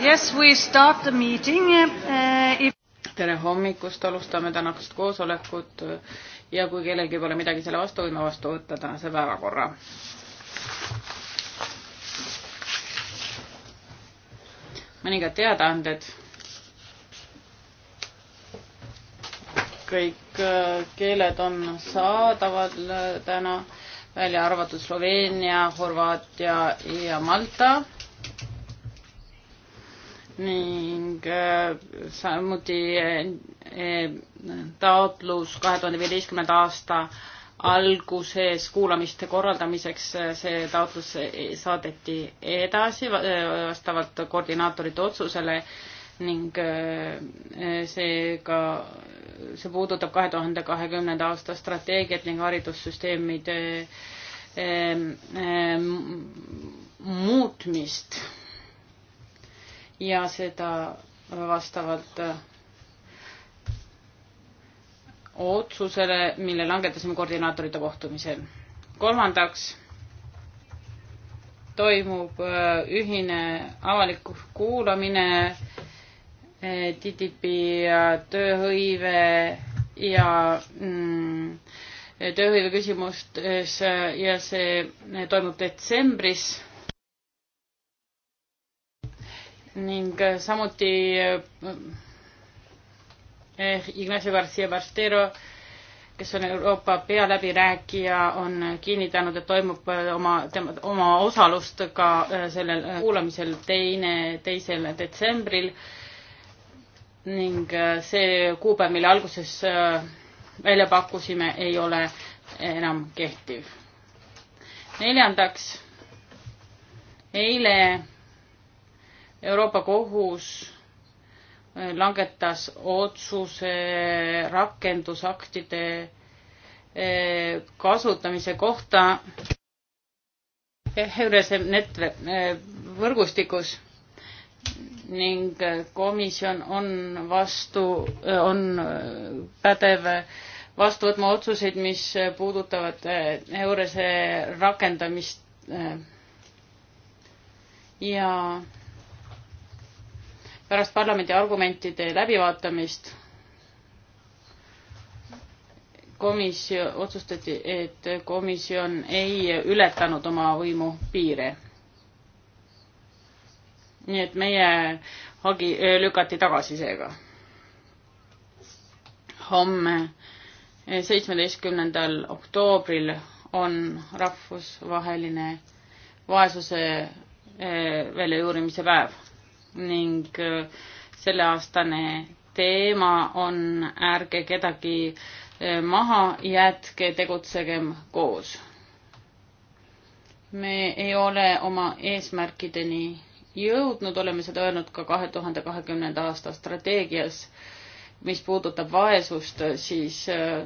Yes, we start the meeting uh,. If... tere hommikust, alustame tänast koosolekut ja kui kellelgi pole midagi selle vastu, võime vastu võtta tänase päevakorra. mõningad teadaanded. kõik eh, keeled on saadaval eh, täna välja arvatud Sloveenia, Horvaatia ja Malta ning äh, samuti äh, äh, taotlus kahe tuhande viieteistkümnenda aasta alguses kuulamiste korraldamiseks see taotlus saadeti edasi vastavalt koordinaatorite otsusele ning äh, äh, seega see puudutab kahe tuhande kahekümnenda aasta strateegiat ning haridussüsteemide ähm, ähm, muutmist ja seda vastavalt äh, otsusele, mille langetasime koordinaatorite kohtumisel. kolmandaks toimub ühine avalik kuulamine äh, Eh, TTIP ja tööhõive ja mm, tööhõive küsimustes eh, ja see eh, toimub detsembris. ning samuti Ignacio Garcia Barstero, kes on Euroopa pealäbirääkija, on kinnitanud, et toimub oma, tema, oma osalust ka sellel kuulamisel teine, teisel detsembril ning äh, see kuupäev, mille alguses äh, välja pakkusime, ei ole enam kehtiv. neljandaks, eile Euroopa Kohus äh, langetas otsuse rakendusaktide kasutamise kohta Heurese net-, võrgustikus ning komisjon on vastu, on pädev vastu võtma otsuseid, mis puudutavad eh, EURES-e rakendamist ja pärast parlamendi argumentide läbivaatamist komisjon, otsustati, et komisjon ei ületanud oma võimu piire nii et meie hagi lükati tagasi seega. homme, seitsmeteistkümnendal oktoobril on rahvusvaheline vaesuse väljajuurimise päev ning selleaastane teema on ärge kedagi maha jätke, tegutsegem koos. me ei ole oma eesmärkideni jõudnud, oleme seda öelnud ka kahe tuhande kahekümnenda aasta strateegias. mis puudutab vaesust, siis äh,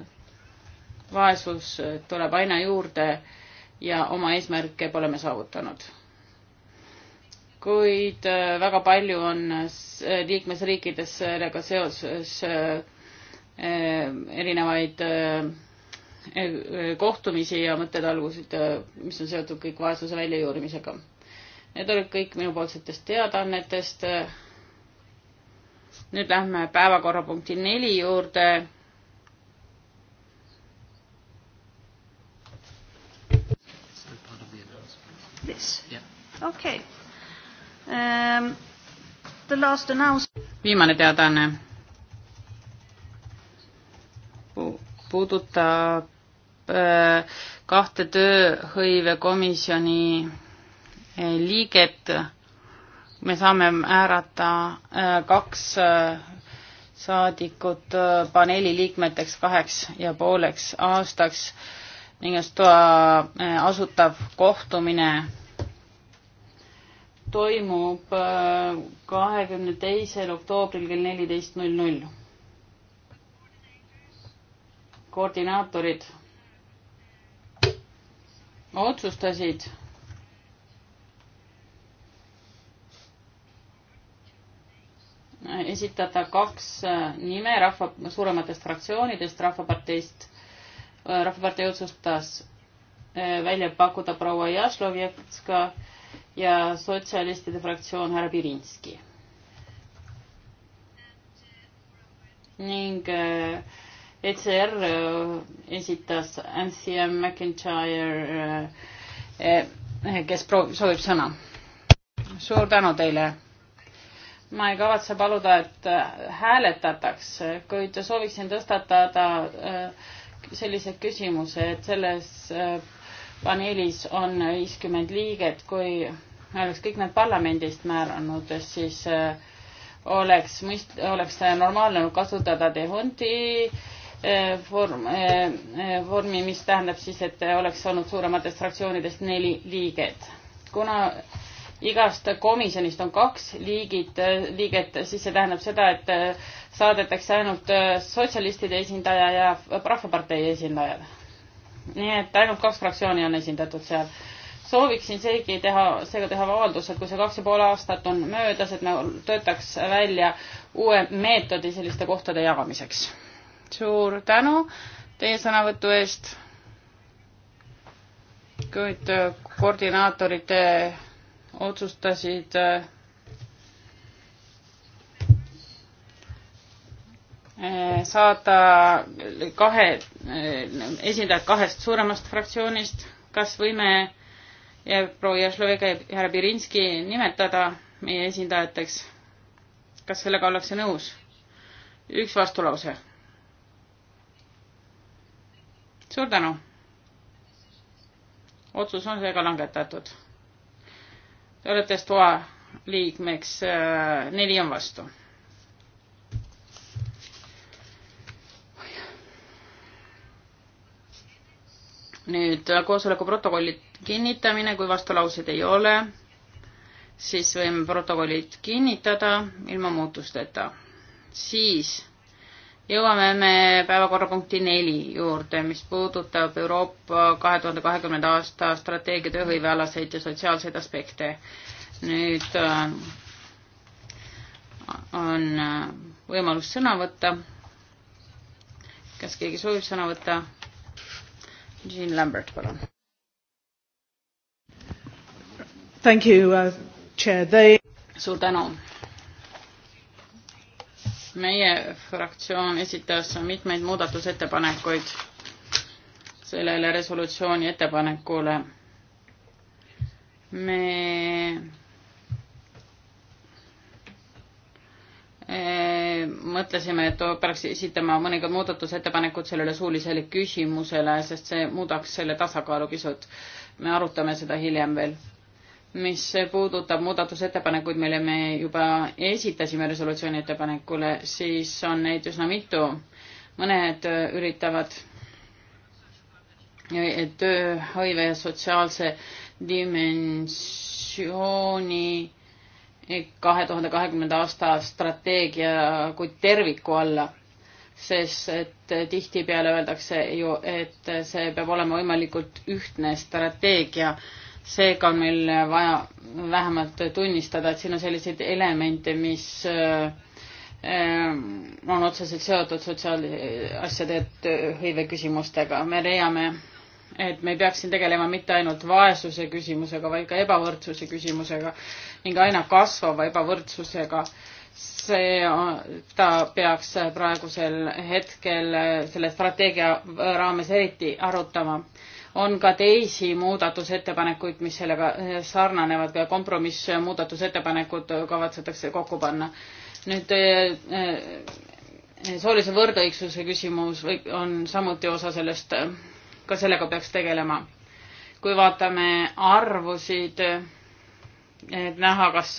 vaesus tuleb aina juurde ja oma eesmärke pole me saavutanud. kuid äh, väga palju on äh, liikmesriikides sellega seoses erinevaid kohtumisi ja mõttetalgusid, mis on seotud kõik vaesuse väljajuurimisega. Need olid kõik minupoolsetest teadaannetest. nüüd lähme päevakorrapunkti neli juurde. Yeah. Okay. Um, viimane teadaanne puudutab äh, kahte tööhõivekomisjoni liiget me saame määrata äh, kaks äh, saadikut äh, paneeli liikmeteks kaheks ja pooleks aastaks ning Estoa asutav kohtumine toimub kahekümne teisel oktoobril kell neliteist null null. koordinaatorid otsustasid esitada kaks äh, nime rahva, suurematest fraktsioonidest, Rahvaparteist, äh, Rahvapartei otsustas äh, välja pakkuda proua Jašlovjetska ja sotsialistide fraktsioon härra Pirinski. ning ECR esitas Anthea McIntyre, kes proovib, soovib sõna. suur tänu teile ma ei kavatse paluda, et äh, hääletataks, kuid sooviksin tõstatada äh, sellise küsimuse, et selles äh, paneelis on viiskümmend liiget, kui me oleks kõik need parlamendist määranud, siis oleks mõist-, oleks normaalne kasutada de Honti vorm, vormi, mis tähendab siis, et oleks olnud suurematest fraktsioonidest neli liiget. kuna igast komisjonist on kaks liigid, liiget, siis see tähendab seda, et äh, saadetakse ainult äh, sotsialistide esindaja ja Rahvapartei esindajad. nii et ainult kaks fraktsiooni on esindatud seal. sooviksin seegi teha, seega teha avalduse, et kui see kaks ja pool aastat on möödas, et me töötaks välja uue meetodi selliste kohtade jagamiseks. suur tänu teie sõnavõtu eest. kuid äh, koordinaatorite otsustasid eh, saada kahe, eh, esindajad kahest suuremast fraktsioonist, kas võime proua Jaslovega ja härra Pirinski nimetada meie esindajateks? kas sellega ollakse nõus? üks vastulause. suur tänu. otsus on seega langetatud Te olete STOA liikmeks, äh, neli on vastu. nüüd äh, koosoleku protokolli kinnitamine, kui vastulauseid ei ole, siis võime protokollid kinnitada ilma muutusteta. siis jõuame me päevakorrapunkti neli juurde, mis puudutab Euroopa kahe tuhande kahekümnenda aasta strateegia tööhõivealaseid ja sotsiaalseid aspekte. nüüd äh, on äh, võimalus sõna võtta. kas keegi soovib sõna võtta? Jean Lambert, palun. Thank you uh,, chair. They... suur tänu meie fraktsioon esitas mitmeid muudatusettepanekuid sellele resolutsiooni ettepanekule. me e, mõtlesime, et peaks esitama mõningad muudatusettepanekud sellele suulisele küsimusele, sest see muudaks selle tasakaalu pisut. me arutame seda hiljem veel mis puudutab muudatusettepanekuid, mille me juba esitasime resolutsiooni ettepanekule, siis on neid üsna mitu. mõned üritavad tööhõive ja sotsiaalse dimensiooni kahe tuhande kahekümnenda aasta strateegia kui terviku alla, sest et tihtipeale öeldakse ju, et see peab olema võimalikult ühtne strateegia seega on meil vaja vähemalt tunnistada, et siin on selliseid elemente, mis äh, äh, on otseselt seotud sotsiaalasjade hõive küsimustega. me leiame, et me ei peaks siin tegelema mitte ainult vaesuse küsimusega, vaid ka ebavõrdsuse küsimusega ning aina kasvava ebavõrdsusega. see, ta peaks praegusel hetkel selle strateegia raames eriti arutama on ka teisi muudatusettepanekuid, mis sellega eh, sarnanevad, kompromissmuudatusettepanekud eh, eh, kavatsetakse kokku panna. nüüd soolise võrdõigsuse küsimus või on samuti osa sellest, ka sellega peaks tegelema. kui vaatame arvusid, et näha, kas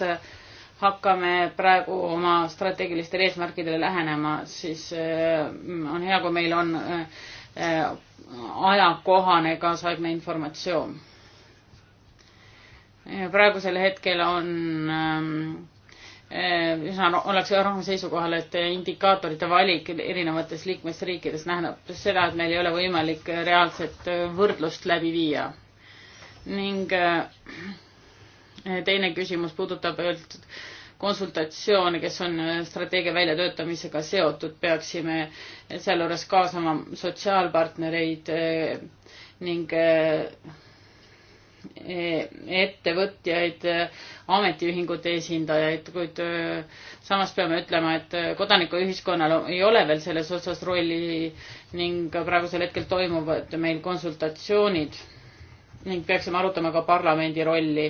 hakkame praegu oma strateegilistele eesmärkidele lähenema, siis on hea, kui meil on ajakohane kaasaegne informatsioon. praegusel hetkel on ähm, äh, üsna no,, ollakse rahva seisukohal, et indikaatorite valik erinevates liikmesriikides tähendab seda, et meil ei ole võimalik reaalset äh, võrdlust läbi viia. ning äh, teine küsimus puudutab öeldud konsultatsioone, kes on strateegia väljatöötamisega seotud, peaksime sealjuures kaasama sotsiaalpartnereid eh, ning eh, ettevõtjaid, ametiühingute esindajaid, kuid eh, samas peame ütlema, et kodanikuühiskonnal ei ole veel selles osas rolli ning praegusel hetkel toimuvad meil konsultatsioonid ning peaksime arutama ka parlamendi rolli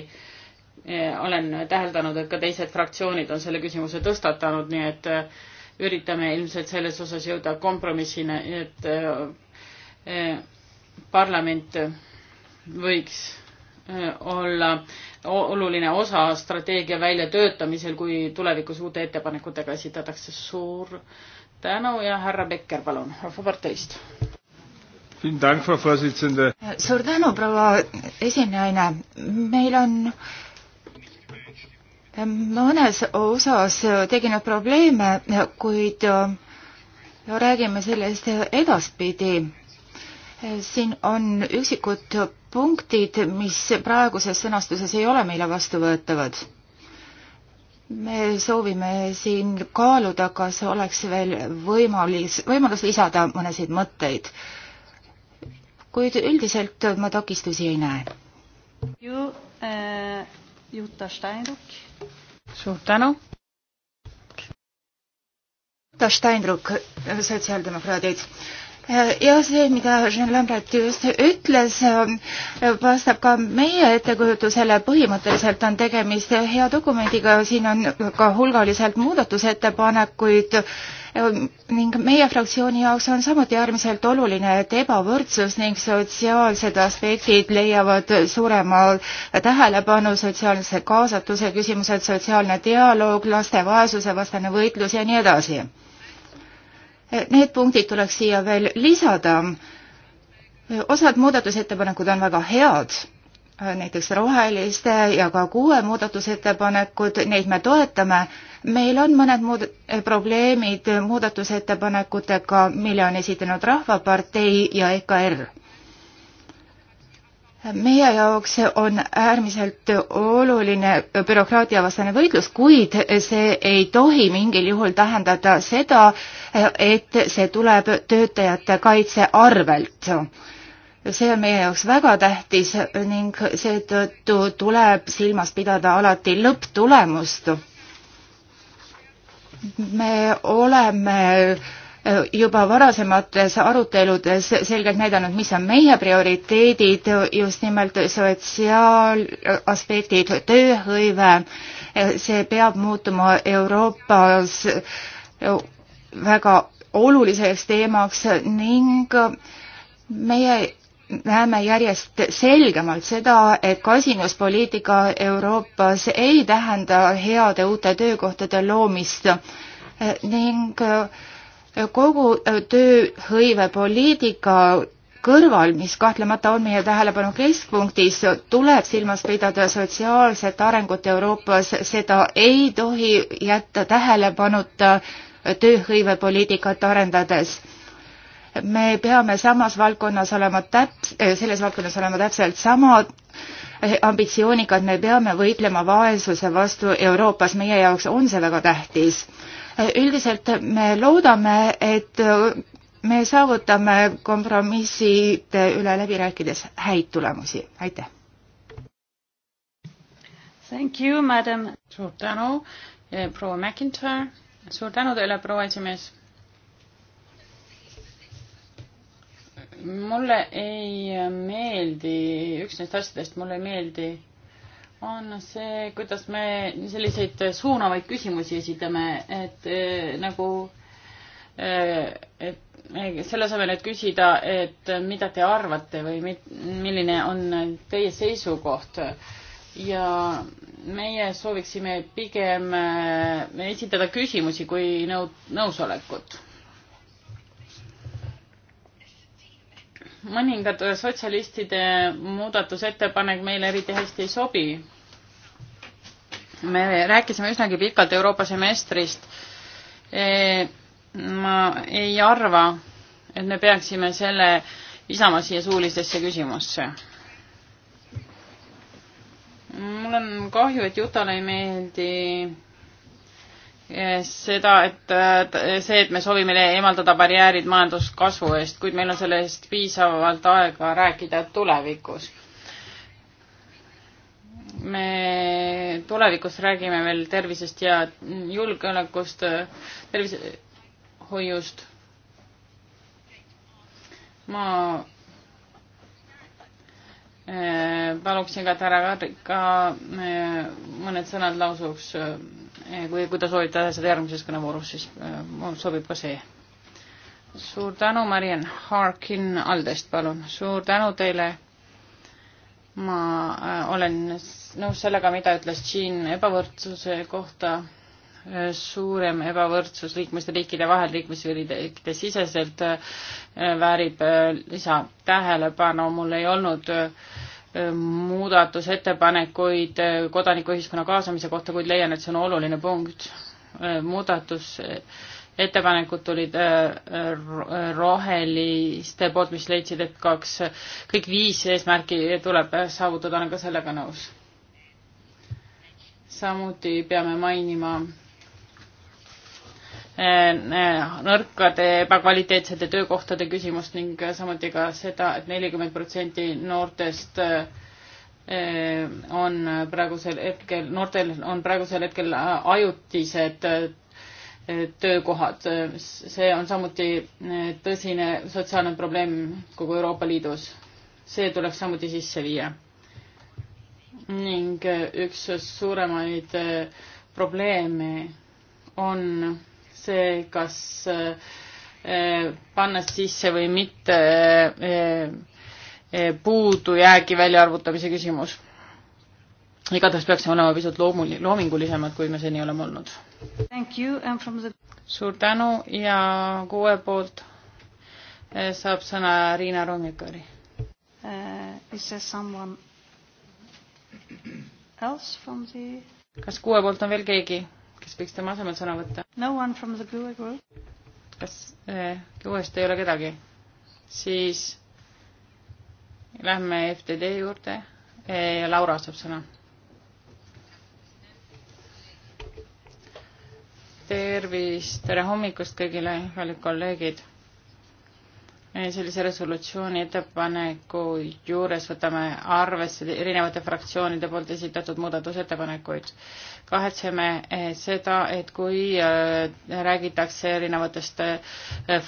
Eh, olen täheldanud, et ka teised fraktsioonid on selle küsimuse tõstatanud, nii et eh, üritame ilmselt selles osas jõuda kompromissini, et eh, parlament võiks olla oluline osa strateegia väljatöötamisel, kui tulevikus uute ettepanekutega esitatakse. suur tänu ja härra Becker, palun, Rahvaparteist. suur tänu, proua esinaine. meil on mõnes osas tekinud probleeme, kuid äh, räägime sellest edaspidi. siin on üksikud punktid, mis praeguses sõnastuses ei ole meile vastuvõetavad. me soovime siin kaaluda, kas oleks veel võimalus, võimalus lisada mõnesid mõtteid. kuid üldiselt ma takistusi ei näe. ju äh Jutta Steinruck. suur tänu. Jutta Steinruck, sotsiaaldemokraadid Äh, ja see, mida Jean Lambert just ütles, äh, vastab ka meie ettekujutusele, põhimõtteliselt on tegemist hea dokumendiga, siin on ka hulgaliselt muudatusettepanekuid äh, ning meie fraktsiooni jaoks on samuti äärmiselt oluline, et ebavõrdsus ning sotsiaalsed aspektid leiavad suurema tähelepanu, sotsiaalse kaasatuse küsimused, sotsiaalne dialoog, laste vaesuse vastane võitlus ja nii edasi Need punktid tuleks siia veel lisada. osad muudatusettepanekud on väga head, näiteks roheliste ja ka kuue muudatusettepanekud, neid me toetame. meil on mõned muud probleemid muudatusettepanekutega, mille on esitanud Rahvapartei ja EKR meie jaoks on äärmiselt oluline bürokraatiavastane võitlus, kuid see ei tohi mingil juhul tähendada seda, et see tuleb töötajate kaitse arvelt. see on meie jaoks väga tähtis ning seetõttu tuleb silmas pidada alati lõpptulemust. me oleme äh, juba varasemates aruteludes selgelt näidanud, mis on meie prioriteedid, just nimelt sotsiaalaspektid, tööhõive, see peab muutuma Euroopas väga oluliseks teemaks ning meie näeme järjest selgemalt seda, et kasinuspoliitika Euroopas ei tähenda heade uute töökohtade loomist ning äh, kogu äh, tööhõivepoliitika kõrval, mis kahtlemata on meie tähelepanu keskpunktis, tuleb silmas pidada sotsiaalset arengut Euroopas, seda ei tohi jätta tähelepanuta tööhõivepoliitikat arendades. me peame samas valdkonnas olema täps-, äh, selles valdkonnas olema täpselt samad äh, ambitsioonikad, me peame võitlema vaesuse vastu Euroopas, meie jaoks on see väga tähtis üldiselt me loodame, et me saavutame kompromisside üle läbi rääkides häid tulemusi, aitäh! Thank you, madam. suur tänu, eh, proua McIntyre, suur tänu teile, proua esimees. mulle ei meeldi, üks neist asjadest mulle ei meeldi on see, kuidas me selliseid suunavaid küsimusi esitame, et eh, nagu, eh, et selle asemel, et küsida, et mida te arvate või mit, milline on teie seisukoht ja meie sooviksime pigem eh, esitada küsimusi kui nõu-, nõusolekut. mõningad sotsialistide muudatusettepanek meile eriti hästi ei sobi me rääkisime üsnagi pikalt Euroopa semestrist. E, ma ei arva, et me peaksime selle lisama siia suulistesse küsimusse. mul on kahju, et Jutale ei meeldi e, seda, et see, et me soovime eemaldada barjäärid majanduskasvu eest, kuid meil on selle eest piisavalt aega rääkida tulevikus me tulevikus räägime veel tervisest ja julgeolekust, tervisehoiust. ma eh, paluksin ka Tara ka eh, mõned sõnad lausuks, eh, kui, kui te soovite seda järgmises kõnevoorus, siis sobib ka see. suur tänu, Mariann Harkin Aldest, palun. suur tänu teile ma olen nõus sellega, mida ütles Jean ebavõrdsuse kohta, suurem ebavõrdsus liikmesriikide vahel, liikmesriikide siseselt äh, väärib äh, lisatähelepanu, mul ei olnud äh, muudatusettepanekuid kodanikuühiskonna kaasamise kohta, kuid leian, et see on oluline punkt. muudatusettepanekud tulid roheliste poolt, mis leidsid, et kaks, kõik viis eesmärki tuleb saavutada, olen ka sellega nõus samuti peame mainima eh, eh, nõrkade ebakvaliteetsete töökohtade küsimust ning samuti ka seda et, et nelikümmend protsenti noortest eh, on praegusel hetkel, noortel on praegusel hetkel ajutised töökohad. see on samuti tõsine sotsiaalne probleem kogu Euroopa Liidus. see tuleks samuti sisse viia ning äh, üks suuremaid äh, probleeme on see, kas äh, panna sisse või mitte puudujäägi väljaarvutamise küsimus. igatahes peaksime olema pisut loomuli-, loomingulisemad, kui me seni oleme olnud. The... suur tänu ja kuue poolt saab sõna Riina Rongikari uh,. Is there someone Else from the kas kuue poolt on veel keegi, kes võiks tema asemel sõna võtta? No one from the blue group. kas eh, uuesti ei ole kedagi? siis lähme FTD juurde eh, ja Laura saab sõna. tervist, tere hommikust kõigile, kallid kolleegid Eh, sellise resolutsiooni ettepaneku juures võtame arvesse erinevate fraktsioonide poolt esitatud muudatusettepanekuid. kahetseme eh, seda, et kui eh, räägitakse erinevatest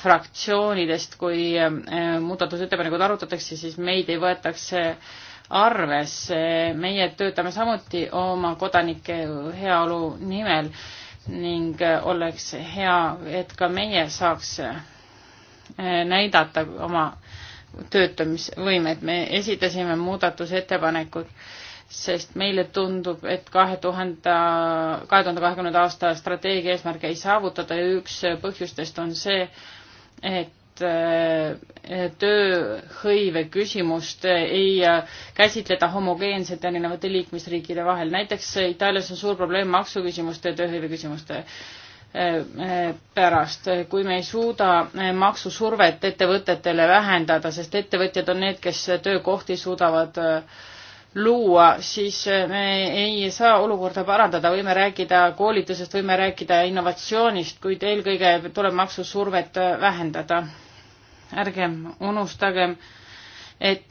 fraktsioonidest, kui muudatusettepanekud arutatakse, siis meid ei võetakse arvesse, meie töötame samuti oma kodanike heaolu nimel ning oleks hea, et ka meie saaks Eh, näidata oma töötamisvõimet. me esitasime muudatusettepanekud, sest meile tundub, et kahe tuhande, kahe tuhande kahekümnenda aasta strateegia eesmärke ei saavutata ja üks põhjustest on see, et eh, tööhõive küsimust ei eh, käsitleda homogeenselt erinevate liikmesriikide vahel. näiteks Itaalias on suur probleem maksuküsimuste ja tööhõive küsimuste pärast, kui me ei suuda maksusurvet ettevõtetele vähendada, sest ettevõtjad on need, kes töökohti suudavad äh, luua, siis äh, me ei saa olukorda parandada, võime rääkida koolitusest, võime rääkida innovatsioonist, kuid eelkõige tuleb maksusurvet äh, vähendada. ärgem unustagem, et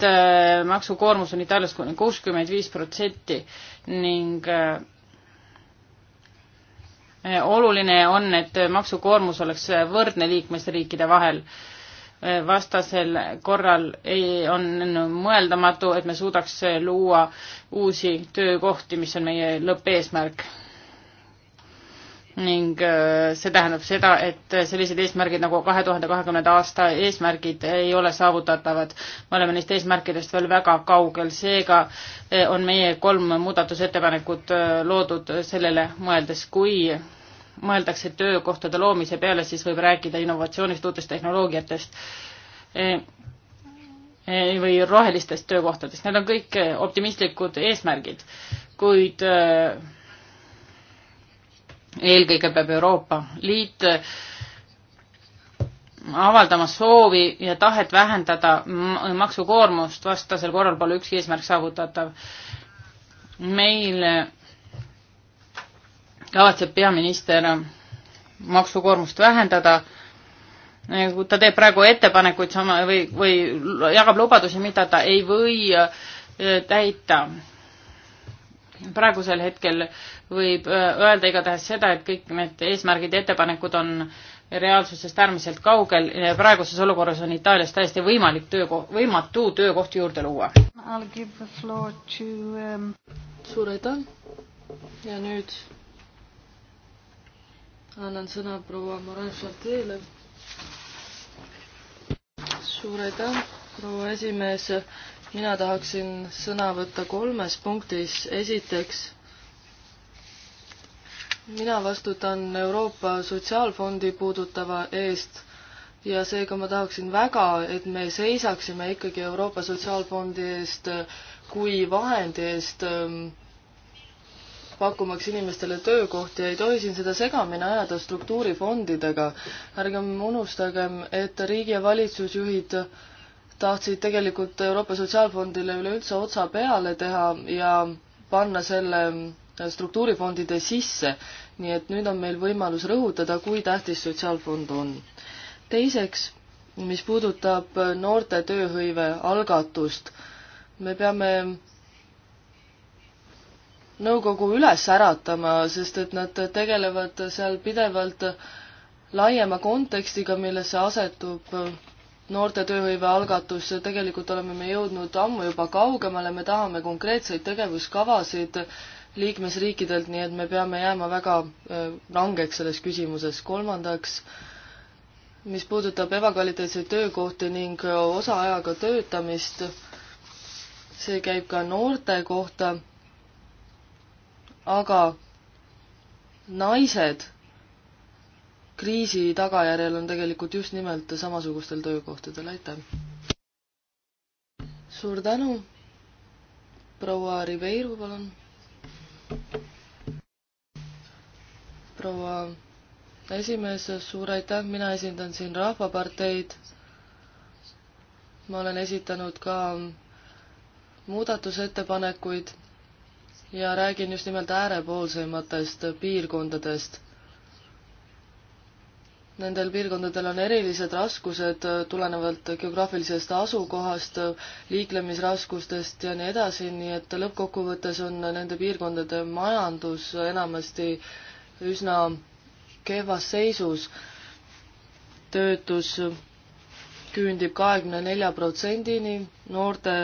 maksukoormus on Itaalias kuni kuuskümmend viis protsenti ning äh, Eh, oluline on, et maksukoormus oleks võrdne liikmesriikide vahel. Eh, vastasel korral ei, on mõeldamatu, et me suudaks luua uusi töökohti, mis on meie lõppeesmärk ning äh, see tähendab seda, et sellised eesmärgid nagu kahe tuhande kahekümnenda aasta eesmärgid ei ole saavutatavad. me oleme neist eesmärkidest veel väga kaugel, seega äh, on meie kolm muudatusettepanekut äh, loodud sellele mõeldes, kui mõeldakse töökohtade loomise peale, siis võib rääkida innovatsioonist, uutest tehnoloogiatest või rohelistest töökohtadest, need on kõik optimistlikud eesmärgid, kuid eelkõige peab Euroopa Liit äh, avaldama soovi ja tahet vähendada maksukoormust, vastasel korral pole ükski eesmärk saavutatav. meil äh, kavatseb peaminister äh, maksukoormust vähendada. ta teeb praegu ettepanekuid sama või, või jagab lubadusi, mida ta ei või täita. praegusel hetkel äh, võib äh, öelda igatahes seda, et kõik need eesmärgid ja ettepanekud on reaalsusest äärmiselt kaugel. praeguses olukorras on Itaalias täiesti võimalik töökoht, võimatu töökohti juurde luua. Um... suur aitäh ja nüüd annan sõna proua Morin Chartier'le. suur aitäh, proua esimees. mina tahaksin sõna võtta kolmes punktis. esiteks mina vastutan Euroopa Sotsiaalfondi puudutava eest ja seega ma tahaksin väga, et me seisaksime ikkagi Euroopa Sotsiaalfondi eest kui vahendi eest ähm, pakkumaks inimestele töökohti ja ei tohi siin seda segamini ajada struktuurifondidega. ärgem unustagem, et riigi- ja valitsusjuhid tahtsid tegelikult Euroopa Sotsiaalfondile üleüldse otsa peale teha ja panna selle struktuurifondide sisse, nii et nüüd on meil võimalus rõhutada, kui tähtis sotsiaalfond on. teiseks, mis puudutab noorte tööhõive algatust, me peame nõukogu üles äratama, sest et nad tegelevad seal pidevalt laiema kontekstiga, millesse asetub noorte tööhõive algatus, tegelikult oleme me jõudnud ammu juba kaugemale, me tahame konkreetseid tegevuskavasid äh, liikmesriikidelt, nii et me peame jääma väga äh, rangeks selles küsimuses. kolmandaks, mis puudutab ebakvaliteetseid töökohti ning äh, osaajaga töötamist, see käib ka noorte kohta, aga naised kriisi tagajärjel on tegelikult just nimelt samasugustel töökohtadel, aitäh! suur tänu, proua Riveiru, palun! proua esimees, suur aitäh, mina esindan siin Rahvaparteid. ma olen esitanud ka muudatusettepanekuid ja räägin just nimelt äärepoolsematest piirkondadest Nendel piirkondadel on erilised raskused äh, tulenevalt geograafilisest asukohast, liiklemisraskustest ja nii edasi, nii et lõppkokkuvõttes on nende piirkondade majandus enamasti üsna kehvas seisus. töötus küündib kahekümne nelja protsendini, noorte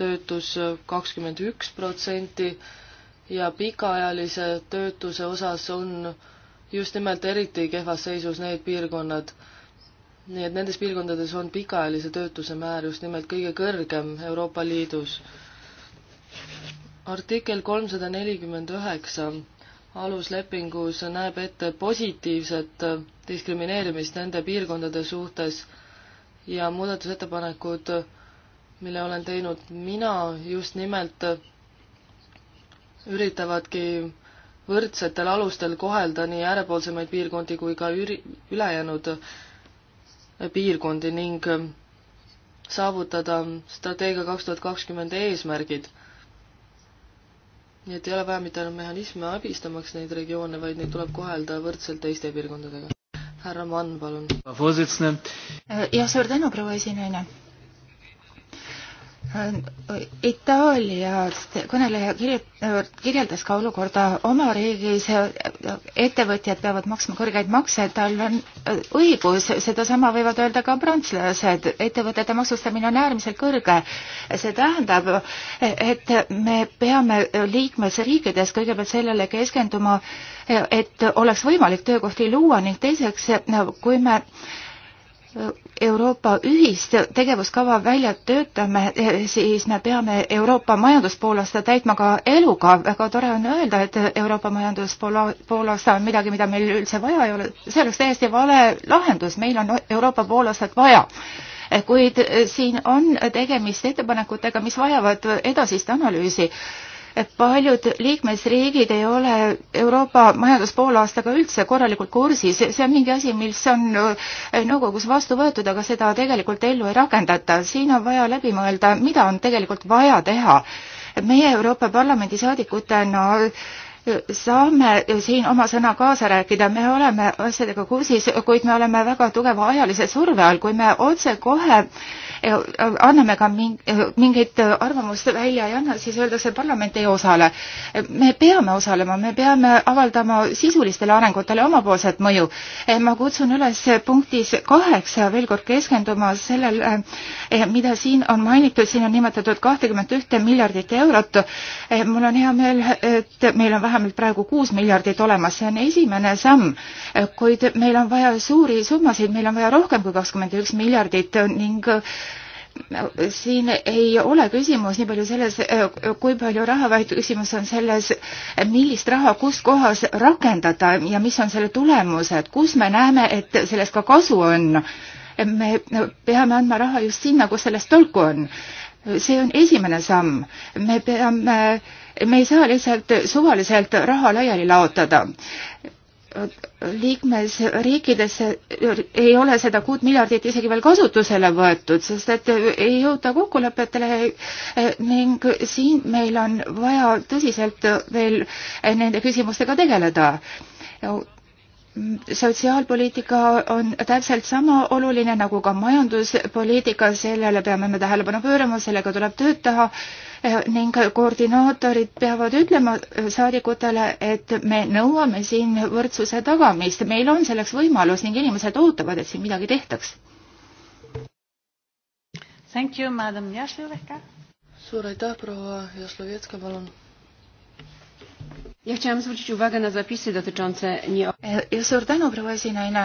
töötus kakskümmend üks protsenti ja pikaajalise töötuse osas on just nimelt eriti kehvas seisus need piirkonnad, nii et nendes piirkondades on pikaajalise töötuse määr just nimelt kõige kõrgem Euroopa Liidus. artikkel kolmsada nelikümmend üheksa aluslepingus näeb ette positiivset diskrimineerimist nende piirkondade suhtes ja muudatusettepanekud, mille olen teinud mina, just nimelt üritavadki äh, võrdsetel alustel kohelda nii äärepoolsemaid piirkondi kui ka üri-, ülejäänud piirkondi ning saavutada strateegia kaks tuhat kakskümmend eesmärgid. nii et ei ole vaja mitte ainult mehhanisme abistamaks neid regioone, vaid neid tuleb kohelda võrdselt teiste piirkondadega. härra Mann, palun. Äh, jah, suur tänu, proua esinaine Äh, Itaaliast kõneleja kirjeldas ka olukorda oma riigis, ettevõtjad peavad maksma kõrgeid makse, tal on äh, õigus, sedasama võivad öelda ka prantslased, ettevõtete maksustamine on äärmiselt kõrge. see tähendab, et me peame liikmesriikides kõigepealt sellele keskenduma, et oleks võimalik töökohti luua ning teiseks, kui me Euroopa ühist tegevuskava välja töötame, siis me peame Euroopa majanduspoolaasta täitma ka eluga. väga tore on öelda, et Euroopa majanduspoolaasta on midagi, mida meil üldse vaja ei ole. see oleks täiesti vale lahendus, meil on Euroopa poolaastat vaja kuid siin on tegemist ettepanekutega, mis vajavad edasist analüüsi paljud liikmesriigid ei ole Euroopa majanduspoolaastaga üldse korralikult kursis, see on mingi asi, mis on äh, nõukogus vastu võetud, aga seda tegelikult ellu ei rakendata, siin on vaja läbi mõelda, mida on tegelikult vaja teha. meie Euroopa Parlamendi saadikutena no, äh, saame siin oma sõna kaasa rääkida, me oleme asjadega kursis, kuid me oleme väga tugeva ajalise surve all, kui me otsekohe äh, Eh, eh, anname ka eh, mingeid arvamust välja ei anna, siis öeldakse, parlament ei osale. me peame osalema, me peame avaldama sisulistele arengutele omapoolset mõju. ma kutsun üles punktis kaheksa veel kord keskenduma sellele, mida siin on mainitud, siin on nimetatud kahtekümmet ühte miljardit eurot. mul on hea meel, et meil on vähemalt praegu kuus miljardit olemas, see on esimene samm, kuid meil on vaja suuri summasid, meil on vaja rohkem kui kakskümmend üks miljardit ning siin ei ole küsimus nii palju selles, kui palju raha, vaid küsimus on selles, millist raha kus kohas rakendada ja mis on selle tulemused, kus me näeme, et sellest ka kasu on. me peame andma raha just sinna, kus sellest tolku on. see on esimene samm. me peame, me ei saa lihtsalt suvaliselt raha laiali laotada liikmesriikides ei ole seda kuut miljardit isegi veel kasutusele võetud, sest et ei jõuta kokkulepetele eh, ning siin meil on vaja tõsiselt veel eh, nende küsimustega tegeleda. sotsiaalpoliitika on täpselt sama oluline nagu ka majanduspoliitika, sellele peame me tähelepanu pöörama, sellega tuleb tööd teha Äh, ning koordinaatorid peavad ütlema saadikutele, et me nõuame siin võrdsuse tagamist, meil on selleks võimalus ning inimesed ootavad, et siin midagi tehtaks. Thank you, madam Jasloveka. suur aitäh, proua Jaslovetska, palun. Ja chciałam zwrócić uwagę na zapisy dotyczące nie... Äh, ja suur tänu, proua esinaine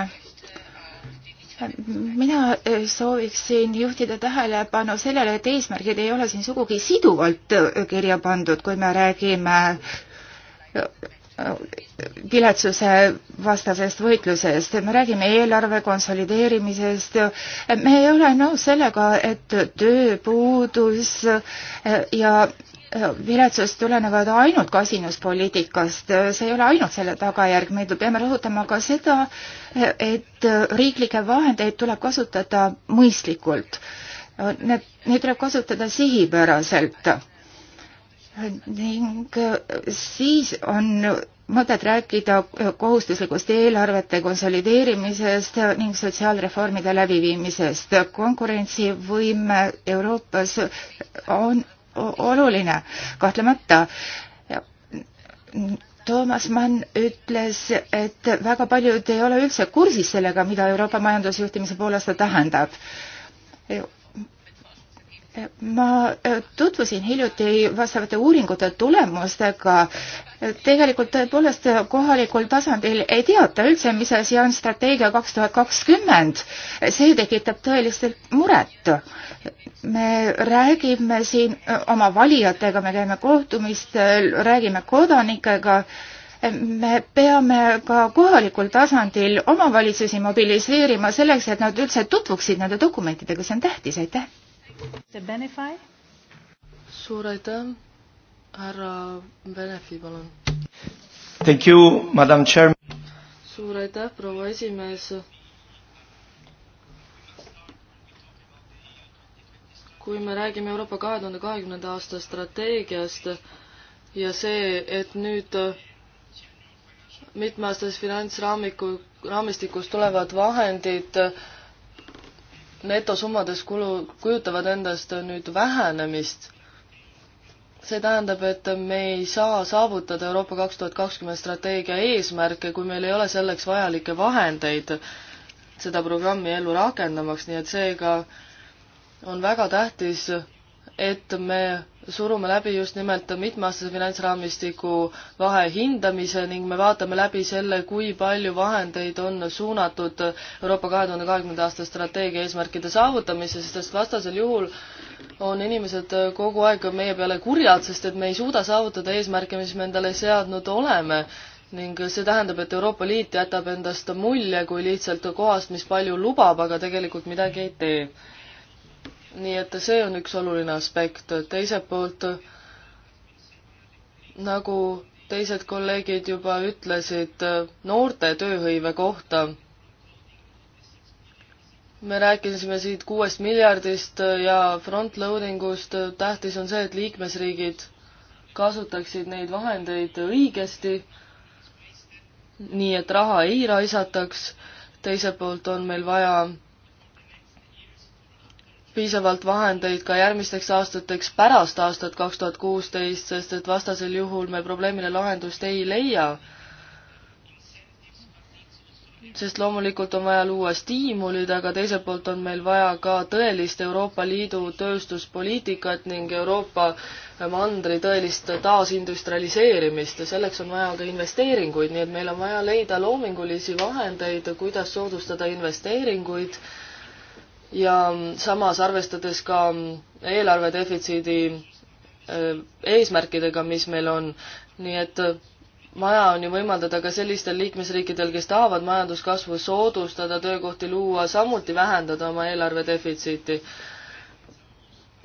mina äh, sooviksin juhtida tähelepanu sellele, et eesmärgid ei ole siin sugugi siduvalt äh, kirja pandud, kui me räägime äh, viletsuse vastasest võitlusest, me räägime eelarve konsolideerimisest, me ei ole nõus sellega, et tööpuudus ja viletsust tulenevad ainult kasinuspoliitikast, see ei ole ainult selle tagajärg, me peame rõhutama ka seda, et riiklikke vahendeid tuleb kasutada mõistlikult. Need, neid tuleb kasutada sihipäraselt. ning siis on mõtet rääkida kohustuslikust eelarvete konsolideerimisest ning sotsiaalreformide läbiviimisest. konkurentsivõime Euroopas on oluline, kahtlemata. Toomas Mann ütles, et väga paljud ei ole üldse kursis sellega, mida Euroopa majandusjuhtimise poolaasta tähendab ma äh, tutvusin hiljuti vastavate uuringute tulemustega. tegelikult tõepoolest kohalikul tasandil ei teata üldse, mis asi on strateegia kaks tuhat kakskümmend. see tekitab tõeliselt muret. me räägime siin oma valijatega, me käime kohtumistel, räägime kodanikega me peame ka kohalikul tasandil omavalitsusi mobiliseerima selleks, et nad üldse tutvuksid nende dokumentidega, see on tähtis, aitäh suur aitäh, härra Benefi, palun. Thank you, madam chair. suur aitäh, proua esimees. kui me räägime Euroopa kahe tuhande kahekümnenda aasta strateegiast ja see, et nüüd mitmeaastasest finantsraamiku, raamistikust tulevad vahendid äh, netosummades kulu, kujutavad endast nüüd vähenemist. see tähendab, et me ei saa saavutada Euroopa kaks tuhat kakskümmend strateegia eesmärke, kui meil ei ole selleks vajalikke vahendeid seda programmi ellu rakendamaks, nii et seega on väga tähtis, et me surume läbi just nimelt mitmeaastase finantsraamistiku vahehindamise ning me vaatame läbi selle, kui palju vahendeid on suunatud Euroopa kahe tuhande kahekümnenda aasta strateegia eesmärkide saavutamisesse, sest vastasel juhul on inimesed kogu aeg meie peale kurjad, sest et me ei suuda saavutada eesmärke, mis me endale seadnud oleme. ning see tähendab, et Euroopa Liit jätab endast mulje kui lihtsalt kohast, mis palju lubab, aga tegelikult midagi ei tee nii et see on üks oluline aspekt, teiselt poolt nagu teised kolleegid juba ütlesid noorte tööhõive kohta, me rääkisime siit kuuest miljardist ja front-loading ust, tähtis on see, et liikmesriigid kasutaksid neid vahendeid õigesti, nii et raha ei raisataks, teiselt poolt on meil vaja piisavalt vahendeid ka järgmisteks aastateks pärast aastat kaks tuhat kuusteist, sest et vastasel juhul me probleemile lahendust ei leia. sest loomulikult on vaja luua stiimulid, aga teiselt poolt on meil vaja ka tõelist Euroopa Liidu tööstuspoliitikat ning Euroopa mandri tõelist taasindustrialiseerimist ja selleks on vaja ka investeeringuid, nii et meil on vaja leida loomingulisi vahendeid, kuidas soodustada investeeringuid ja samas arvestades ka eelarve defitsiidi äh, eesmärkidega, mis meil on, nii et vaja äh, on ju võimaldada ka sellistel liikmesriikidel, kes tahavad majanduskasvu soodustada, töökohti luua, samuti vähendada oma eelarve defitsiiti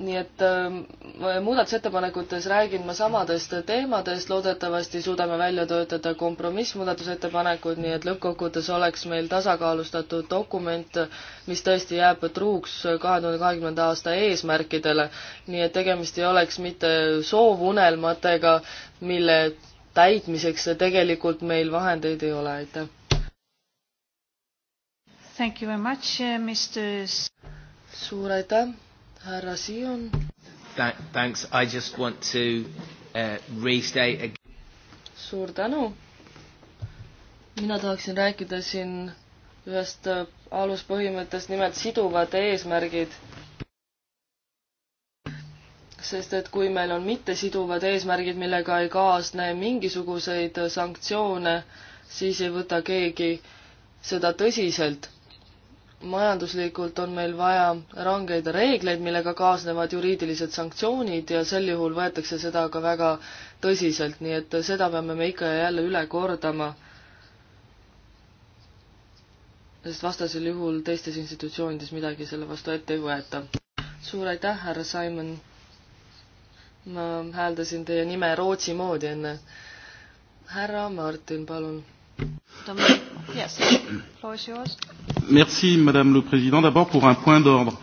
nii et ähm, muudatusettepanekutes räägin ma samadest teemadest, loodetavasti suudame välja töötada kompromissmuudatusettepanekud, nii et lõppkokkuvõttes oleks meil tasakaalustatud dokument, mis tõesti jääb truuks kahe tuhande kahekümnenda aasta eesmärkidele. nii et tegemist ei oleks mitte soovunelmatega, mille täitmiseks tegelikult meil vahendeid ei ole, aitäh. Thank you very much, eh, Mr. suur aitäh härra Sion. Thanks, I just want to uh, restate again. suur tänu. mina tahaksin rääkida siin ühest äh, aluspõhimõttest, nimelt siduvad eesmärgid. sest et kui meil on mittesiduvad eesmärgid, millega ei kaasne mingisuguseid sanktsioone, siis ei võta keegi seda tõsiselt majanduslikult on meil vaja rangeid reegleid, millega kaasnevad juriidilised sanktsioonid ja sel juhul võetakse seda ka väga tõsiselt, nii et seda peame me ikka ja jälle üle kordama. sest vastasel juhul teistes institutsioonides midagi selle vastu ette ei võeta. suur aitäh, härra Simon. ma hääldasin teie nime Rootsi moodi enne. härra Martin, palun Merci, madame le president, d'abord pour un point d'ordre.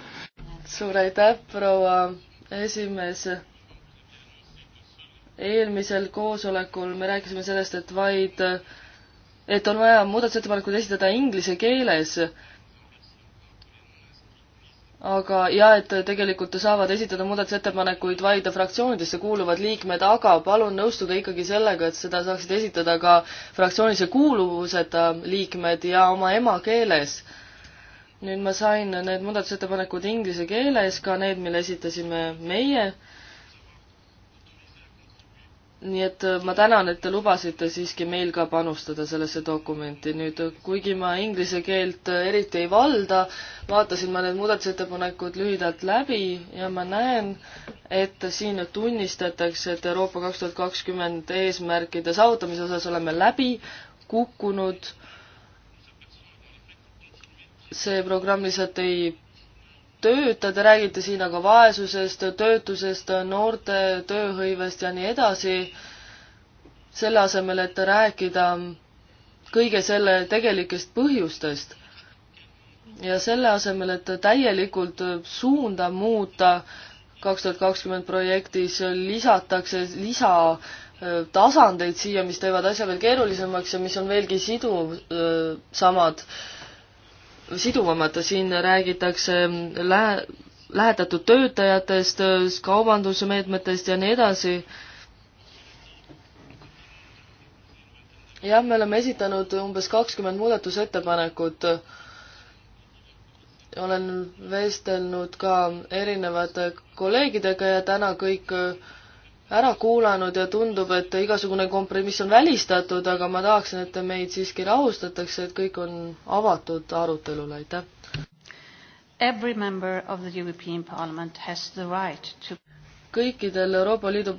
suur aitäh, proua esimees. eelmisel koosolekul me rääkisime sellest, et vaid, et on vaja muudatusettepanekud esitada inglise keeles aga ja et tegelikult saavad esitada muudatusettepanekuid vaid fraktsioonidesse kuuluvad liikmed, aga palun nõustuda ikkagi sellega, et seda saaksid esitada ka fraktsioonisse kuuluvuseta liikmed ja oma emakeeles. nüüd ma sain need muudatusettepanekud inglise keeles, ka need, mille esitasime meie nii et äh, ma tänan, et te lubasite siiski meil ka panustada sellesse dokumenti. nüüd, äh, kuigi ma inglise keelt äh, eriti ei valda, vaatasin ma need muudatusettepanekud lühidalt läbi ja ma näen, et siin tunnistatakse, et Euroopa kaks tuhat kakskümmend eesmärkide saavutamise osas oleme läbi kukkunud. see programm lihtsalt ei tööta, te räägite siin aga vaesusest, töötusest, noorte tööhõivest ja nii edasi, selle asemel, et rääkida kõige selle tegelikest põhjustest. ja selle asemel, et täielikult suunda muuta, kaks tuhat kakskümmend projektis lisatakse lisa äh, tasandeid siia, mis teevad asja veel keerulisemaks ja mis on veelgi sidu äh, samad äh, siduvamad, siin räägitakse lähe-, lähetatud töötajatest, kaubandusmeetmetest ja nii edasi. jah, me oleme esitanud umbes kakskümmend muudatusettepanekut. olen vestelnud ka erinevate kolleegidega ja täna kõik äh, ära kuulanud ja tundub, et igasugune kompromiss on välistatud, aga ma tahaksin, et meid siiski rahustatakse, et kõik on avatud arutelule, aitäh. Every member of the European Parliament has the right to kõikidel Euroopa Liidu,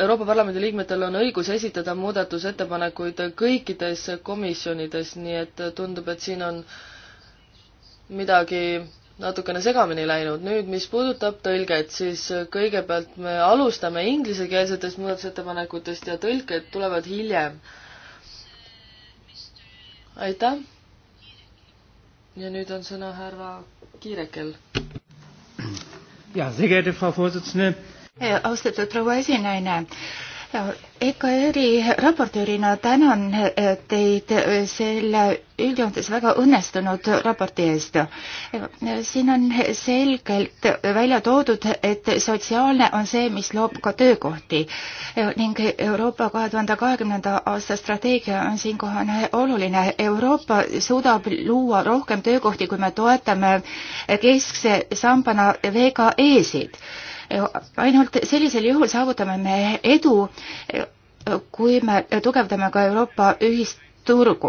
Euroopa Parlamendi liikmetel on õigus esitada muudatusettepanekuid kõikides komisjonides, nii et tundub, et siin on midagi natukene segamini läinud. nüüd, mis puudutab tõlget, siis kõigepealt me alustame inglisekeelsetest muudatusettepanekutest ja tõlked tulevad hiljem. aitäh. ja nüüd on sõna härra Kiirekel. ja, äh, austatud proua esinaine EKR-i raportöörina tänan eh, teid eh, selle üldjoontes väga õnnestunud raporti eest. Eh, siin on selgelt välja toodud, et sotsiaalne on see, mis loob ka töökohti ning Euroopa kahe tuhande kahekümnenda aasta strateegia on siinkohane oluline. Euroopa suudab luua rohkem töökohti, kui me toetame keskse sambana VKE-sid ainult sellisel juhul saavutame me edu, kui me tugevdame ka Euroopa ühist turgu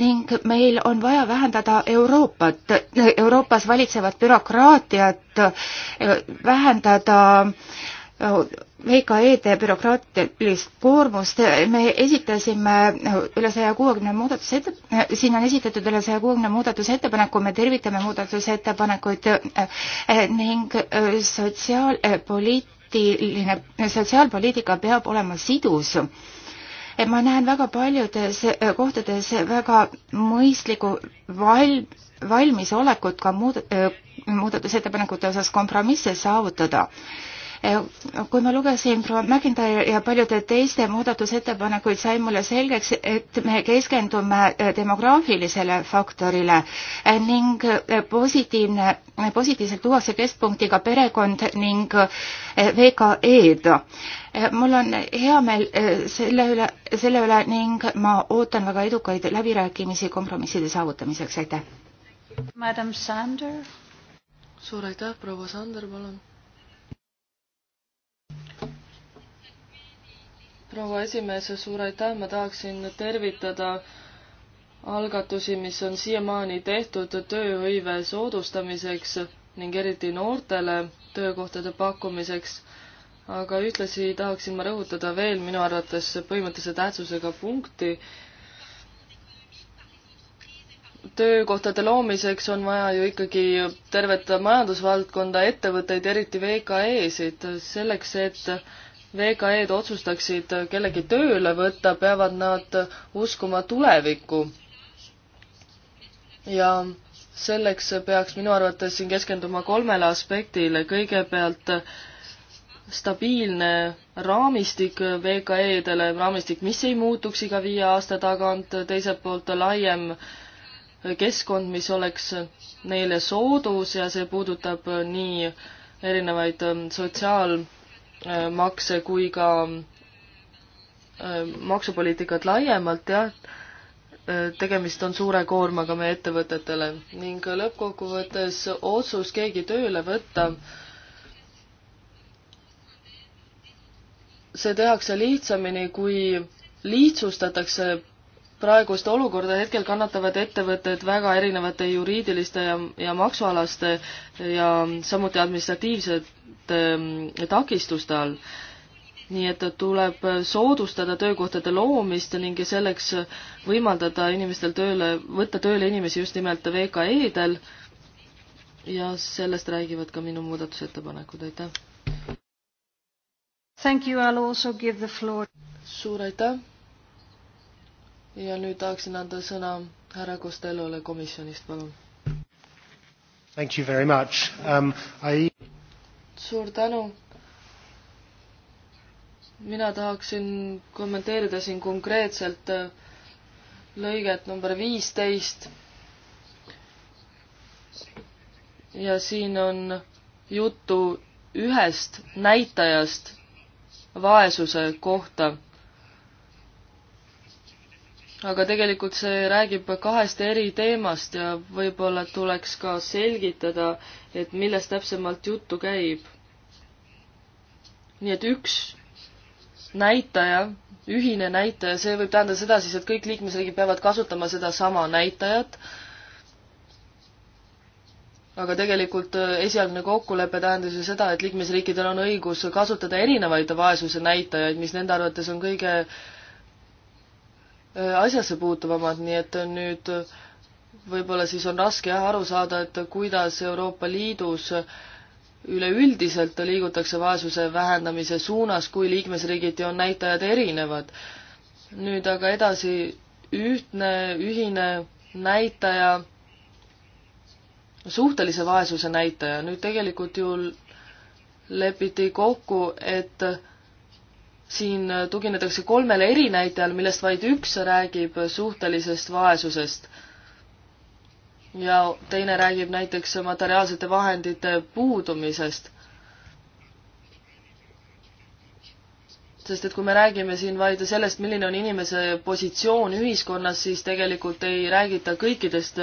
ning meil on vaja vähendada Euroopat, Euroopas valitsevat bürokraatiat, vähendada VKE-de bürokraatilist koormust, me esitasime üle saja kuuekümne muudatuse, äh, siin on esitatud üle saja kuuekümne muudatusettepaneku, me tervitame muudatusettepanekuid äh, ning äh, sotsiaalpoliitiline, sotsiaalpoliitika peab olema sidus ma näen väga paljudes kohtades väga mõistlikku val-, valmisolekut ka muud-, muudatusettepanekute osas kompromisse saavutada Eh, kui ma lugesin proua McIntyre ja paljude teiste muudatusettepanekuid, sai mulle selgeks, et me keskendume eh, demograafilisele faktorile eh, ning positiivne, positiivselt tuuakse keskpunkti ka perekond ning VKE-d. mul on hea meel selle üle, selle üle ning ma ootan väga edukaid läbirääkimisi kompromisside saavutamiseks, aitäh! Madam Sander. suur aitäh, proua Sander, palun proua esimees, suur aitäh, ma tahaksin tervitada algatusi, mis on siiamaani tehtud tööhõive soodustamiseks ning eriti noortele töökohtade pakkumiseks. aga ühtlasi tahaksin ma rõhutada veel minu arvates põhimõttelise tähtsusega punkti. töökohtade loomiseks on vaja ju ikkagi tervet majandusvaldkonda, ettevõtteid, eriti VKE-sid, selleks et VKE-d otsustaksid kellegi tööle võtta, peavad nad uskuma tulevikku. ja selleks peaks minu arvates siin keskenduma kolmele aspektile, kõigepealt stabiilne raamistik VKE-dele, raamistik, mis ei muutuks iga viie aasta tagant, teiselt poolt laiem keskkond, mis oleks neile soodus ja see puudutab nii erinevaid sotsiaal- Äh, makse kui ka äh, maksupoliitikat laiemalt, jah, äh, tegemist on suure koormaga meie ettevõtetele ning lõppkokkuvõttes otsus keegi tööle võtta, see tehakse lihtsamini, kui lihtsustatakse praegust olukorda, hetkel kannatavad ettevõtted väga erinevate juriidiliste ja, ja maksualaste ja samuti administratiivsete mm, takistuste all. nii et tuleb soodustada töökohtade loomist ning selleks võimaldada inimestel tööle, võtta tööle inimesi just nimelt VKE-del ja sellest räägivad ka minu muudatusettepanekud, aitäh! Thank you, I will also give the floor. suur aitäh! ja nüüd tahaksin anda sõna härra Costellole komisjonist, palun. Thank you very much um,. I... suur tänu. mina tahaksin kommenteerida siin konkreetselt äh, lõiget number viisteist. ja siin on juttu ühest näitajast vaesuse kohta aga tegelikult see räägib kahest eri teemast ja võib-olla tuleks ka selgitada, et millest täpsemalt juttu käib. nii et üks näitaja, ühine näitaja, see võib tähendada seda siis, et kõik liikmesriigid peavad kasutama sedasama näitajat, aga tegelikult äh, esialgne kokkulepe tähendas ju seda, et liikmesriikidel on õigus kasutada erinevaid vaesuse näitajaid, mis nende arvates on kõige Äh, asjasse puutuvamad, nii et nüüd äh, võib-olla siis on raske jah aru saada, et kuidas Euroopa Liidus üleüldiselt liigutakse vaesuse vähendamise suunas, kui liikmesriigiti on näitajad erinevad. nüüd aga edasi ühtne, ühine näitaja, suhtelise vaesuse näitaja, nüüd tegelikult ju lepiti kokku, et siin tuginetakse kolmele erinäitajale, millest vaid üks räägib suhtelisest vaesusest. ja teine räägib näiteks materiaalsete vahendite puudumisest sest et kui me räägime siin vaid sellest, milline on inimese positsioon ühiskonnas, siis tegelikult ei räägita kõikidest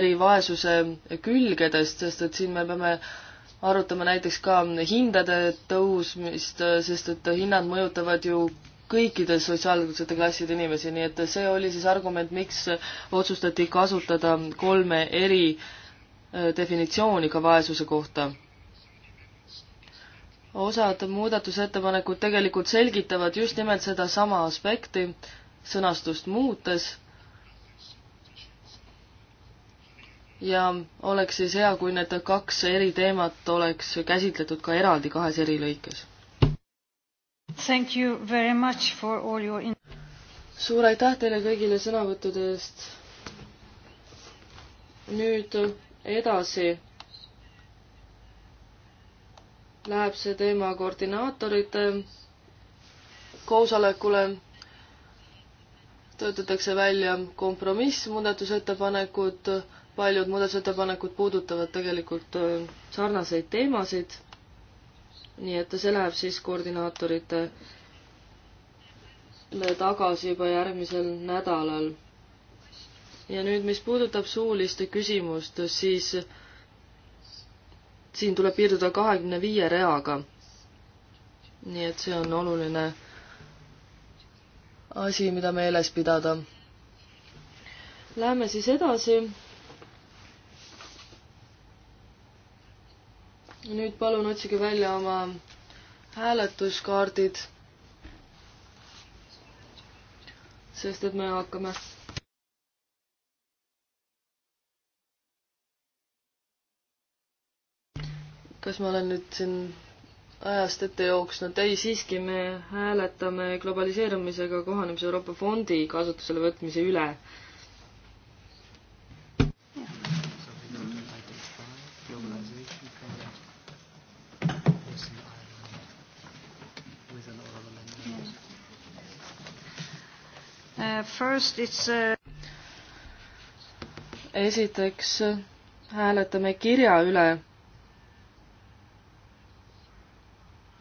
eri vaesuse külgedest, sest et siin me peame arutame näiteks ka hindade tõusmist, sest et hinnad mõjutavad ju kõikide sotsiaalsete klasside inimesi, nii et see oli siis argument, miks otsustati kasutada kolme eri äh, definitsiooni ka vaesuse kohta. osad muudatusettepanekud tegelikult selgitavad just nimelt sedasama aspekti sõnastust muutes ja oleks siis hea, kui need kaks eri teemat oleks käsitletud ka eraldi kahes eri lõikes. Thank you very much for all your in-. suur aitäh teile kõigile sõnavõttude eest. nüüd edasi läheb see teema koordinaatorite koosolekule töötatakse välja kompromissmuudatusettepanekud paljud muudatusettepanekud puudutavad tegelikult äh, sarnaseid teemasid, nii et see läheb siis koordinaatorite tagasi juba järgmisel nädalal. ja nüüd, mis puudutab suuliste küsimust, siis siin tuleb piirduda kahekümne viie reaga. nii et see on oluline asi, mida meeles pidada. Läheme siis edasi nüüd palun otsige välja oma hääletuskaardid. sest et me hakkame kas ma olen nüüd siin ajast ette jooksnud, ei siiski, me hääletame globaliseerumisega kohanemise Euroopa Fondi kasutusele võtmise üle. Uh, first it's a... Uh, esiteks hääletame kirja üle,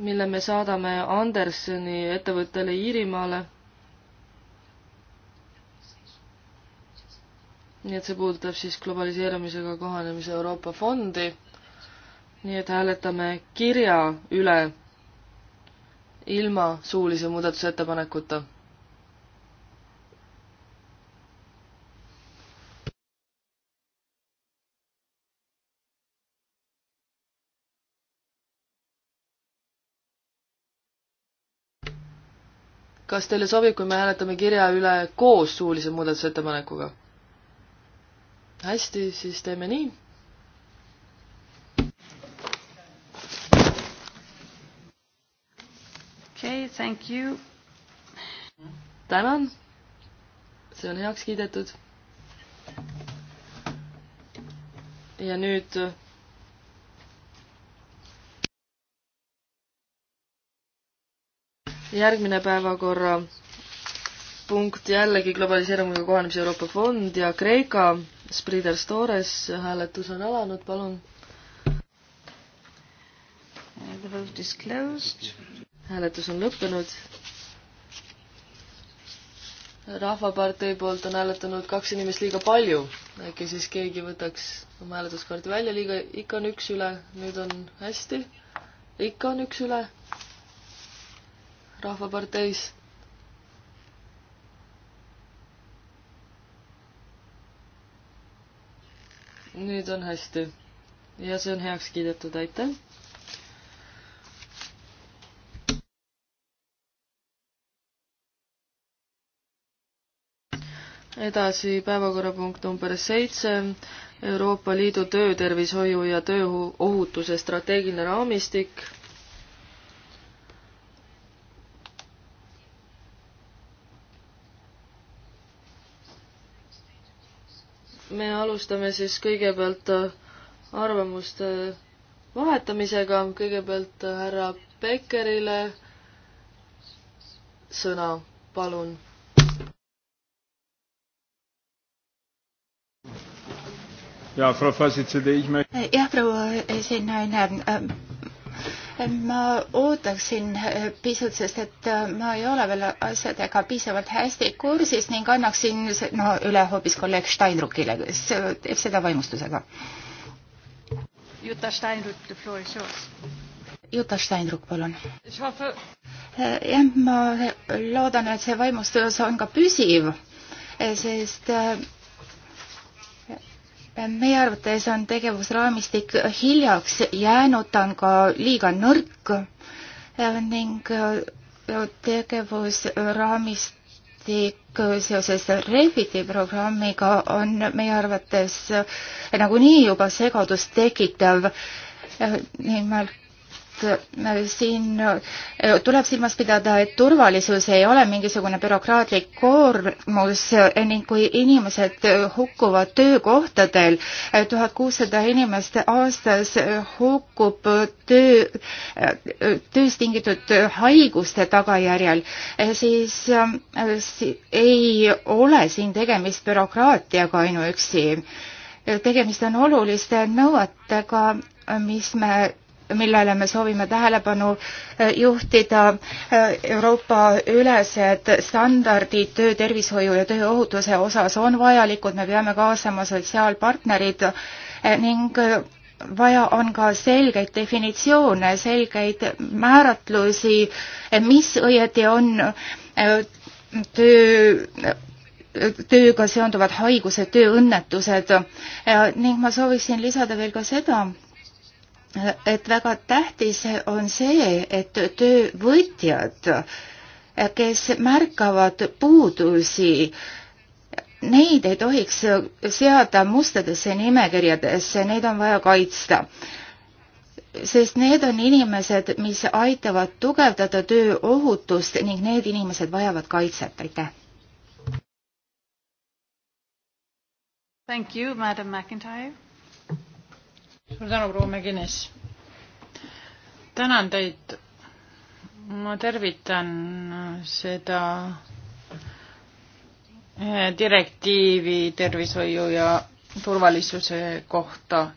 mille me saadame Andersoni ettevõttele Iirimaale. nii et see puudutab siis globaliseerumisega kohanemise Euroopa fondi. nii et hääletame kirja üle ilma suulise muudatusettepanekuta kas teile sobib, kui me hääletame kirja üle koos suulise muudatusettepanekuga? hästi, siis teeme nii. okei okay,, thank you. tänan. see on heaks kiidetud. ja nüüd järgmine päevakorra punkt jällegi globaliseerumisega kohanemise Euroopa Fond ja Kreeka, Sprider Stores, hääletus on alanud, palun. The vote is closed. hääletus on lõppenud. rahvapartei poolt on hääletanud kaks inimest liiga palju, äkki siis keegi võtaks oma hääletuskaardi välja, liiga, ikka on üks üle, nüüd on hästi, ikka on üks üle Rahvaparteis. nüüd on hästi ja see on heaks kiidetud, aitäh. edasi päevakorrapunkt number seitse, Euroopa Liidu töötervishoiu ja tööohutuse strateegiline raamistik me alustame siis kõigepealt äh, arvamuste vahetamisega, kõigepealt äh, härra Beckerile sõna, palun. jah, proua äh, esinaine ma ootaksin äh, pisut, sest et äh, ma ei ole veel asjadega piisavalt hästi kursis ning annaksin no, üle hoopis kolleeg Steinruckile, kes äh, teeb seda vaimustusega. Jutta Steinruck, the floor is yours. Jutta Steinruck, palun. jah, ma loodan, et see vaimustus on ka püsiv, sest meie arvates on tegevusraamistik hiljaks jäänud, ta on ka liiga nõrk ning tegevusraamistik seoses Refiti programmiga on meie arvates nagunii juba segadust tekitav. nimelt Äh, siin äh, tuleb silmas pidada, et turvalisus ei ole mingisugune bürokraatlik koormus äh, ning kui inimesed hukkuvad töökohtadel, tuhat kuussada inimest aastas hukkub töö, tööst tingitud haiguste tagajärjel, siis ei ole siin tegemist bürokraatiaga ainuüksi tegemist on oluliste nõuetega, mis me millele me soovime tähelepanu eh, juhtida, eh, Euroopa-ülesed standardid töötervishoiu ja tööohutuse osas on vajalikud, me peame kaasama sotsiaalpartnerid eh, ning vaja on ka selgeid definitsioone, selgeid määratlusi, mis õieti on töö tööga seonduvad haigused, tööõnnetused ning ma sooviksin lisada veel ka seda, et väga tähtis on see, et töövõtjad, kes märkavad puudusi, neid ei tohiks seada mustadesse nimekirjadesse, neid on vaja kaitsta. sest need on inimesed, mis aitavad tugevdada tööohutust ning need inimesed vajavad kaitset, aitäh. Thank you, madam McIntyre suur tänu, proua Mäginis. tänan teid. ma tervitan seda eh, direktiivi tervishoiu ja turvalisuse kohta.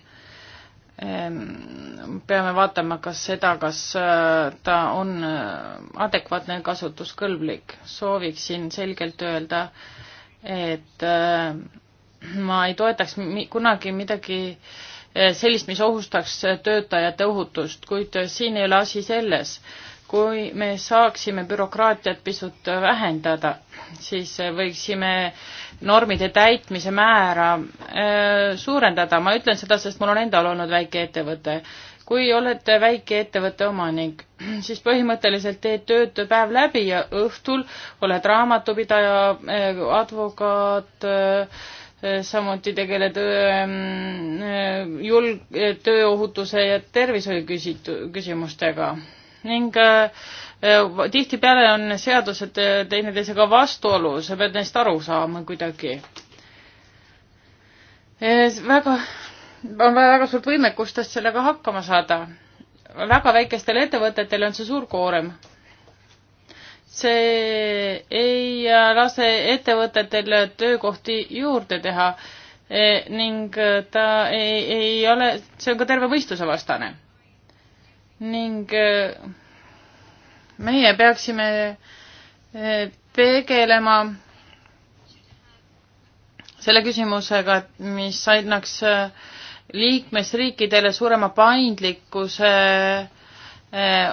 peame vaatama, kas seda, kas eh, ta on eh, adekvaatne ja kasutuskõlblik. sooviksin selgelt öelda, et ma ei toetaks kunagi midagi äh, Eh, sellist, mis ohustaks töötajate ohutust, kuid eh, siin ei ole asi selles. kui me saaksime bürokraatiat pisut vähendada, siis eh, võiksime normide täitmise määra suurendada, ma ütlen seda, sest mul on endal olnud väike ettevõte kui olete väikeettevõtte omanik, siis põhimõtteliselt teed tööd päev läbi ja õhtul oled raamatupidaja, advokaat äh,, Äh, samuti tegeleda ähm, äh, julg-, äh, tööohutuse ja tervishoiu küsitu-, küsimustega ning tihtipeale on seadused teineteisega vastuolus, sa pead neist aru saama kuidagi. väga, on vaja väga suurt võimekustest sellega hakkama saada. väga väikestel ettevõtetel on see suur koorem see ei lase ettevõtetel töökohti juurde teha e, ning ta ei, ei ole, see on ka terve mõistuse vastane. ning e, meie peaksime e, tegelema selle küsimusega, et mis annaks liikmesriikidele suurema paindlikkuse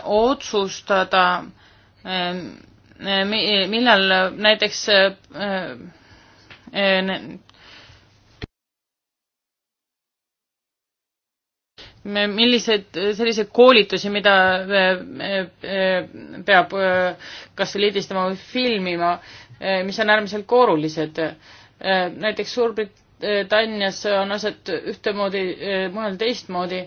otsustada, Eh, eh, millal eh, näiteks milliseid selliseid koolitusi, mida peab kas lindistama või filmima, mis on äärmiselt koorulised. näiteks Suurbritannias on aset ühtemoodi, mujal teistmoodi.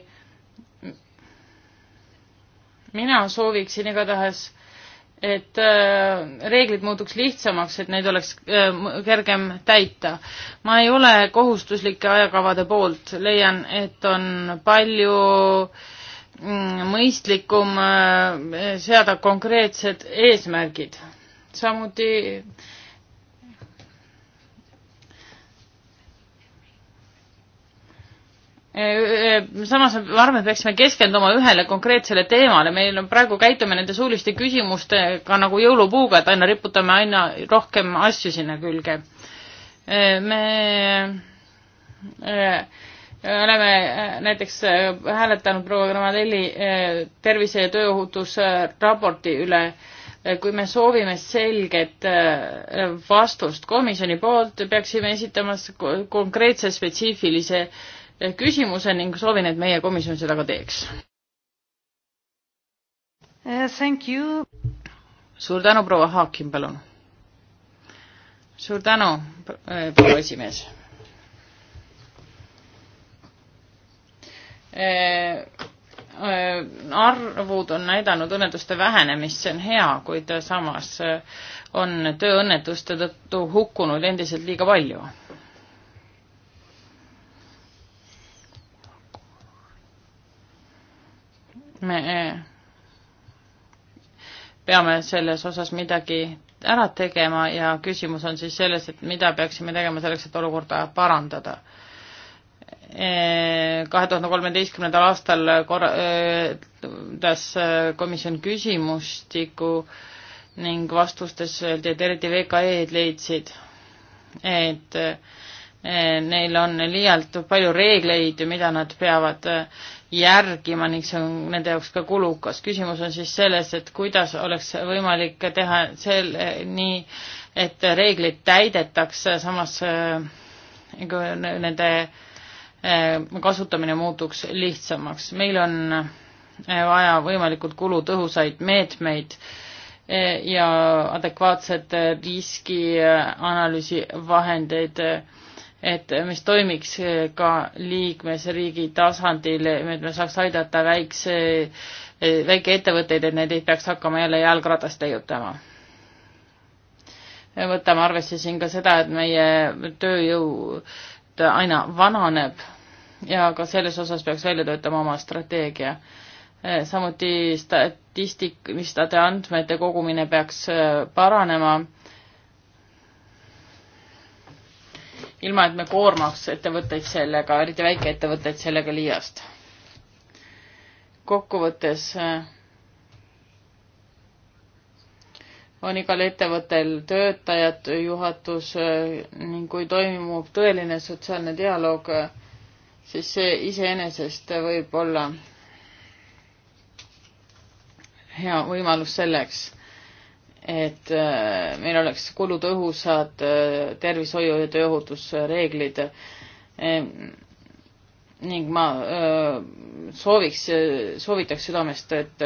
mina sooviksin igatahes et äh, reeglid muutuks lihtsamaks, et neid oleks äh, kergem täita. ma ei ole kohustuslike ajakavade poolt, leian, et on palju mm, mõistlikum äh, seada konkreetsed eesmärgid. samuti äh, Äh, äh, samas ma arvan, et peaksime keskenduma ühele konkreetsele teemale, meil on praegu, käitume nende suuliste küsimustega nagu jõulupuuga, et aina riputame aina rohkem asju sinna külge. Äh, me oleme näiteks hääletanud proua Granadelli tervise ja tööohutusraporti üle, kui me soovime selget vastust komisjoni poolt, peaksime esitama konkreetse spetsiifilise küsimuse ning soovin, et meie komisjon seda ka teeks. Eh, thank you. suur tänu, proua Haakin, palun. suur tänu, eh, proua esimees. Eh, arvud on näidanud õnnetuste vähenemist, see on hea, kuid samas on tööõnnetuste tõttu hukkunud endiselt liiga palju me peame selles osas midagi ära tegema ja küsimus on siis selles, et mida peaksime tegema selleks, et olukorda parandada. E, kahe tuhande kolmeteistkümnendal aastal korraldas e, e, komisjon küsimustiku ning vastustes öeldi, et eriti VKE-d leidsid, et Eh, neil on liialt palju reegleid, mida nad peavad eh, järgima ning see on nende jaoks ka kulukas. küsimus on siis selles, et kuidas oleks võimalik teha sel-, nii, et reegleid täidetakse, samas eh, nende kasutamine muutuks lihtsamaks. meil on vaja võimalikult kulutõhusaid meetmeid ja adekvaatset riskianalüüsi vahendeid et mis toimiks eh, ka liikmesriigi tasandil, et me saaks aidata väikse, eh, väikeettevõtteid, et need ei peaks hakkama jälle jalgratast leiutama. võtame arvesse siin ka seda, et meie tööjõud aina vananeb ja ka selles osas peaks välja töötama oma strateegia. Eh, samuti statistik, mis andmete kogumine peaks paranema ilma et me koormaks ettevõtteid sellega, eriti väikeettevõtteid sellega liiast. kokkuvõttes äh, on igal ettevõttel töötajad, juhatus äh, ning kui toimub tõeline sotsiaalne dialoog, äh, siis see iseenesest võib olla hea võimalus selleks et äh, meil oleks kulutõhusad äh, tervishoiu ja tööohutusreeglid. Ehm, ning ma äh, sooviks, soovitaks südamest, et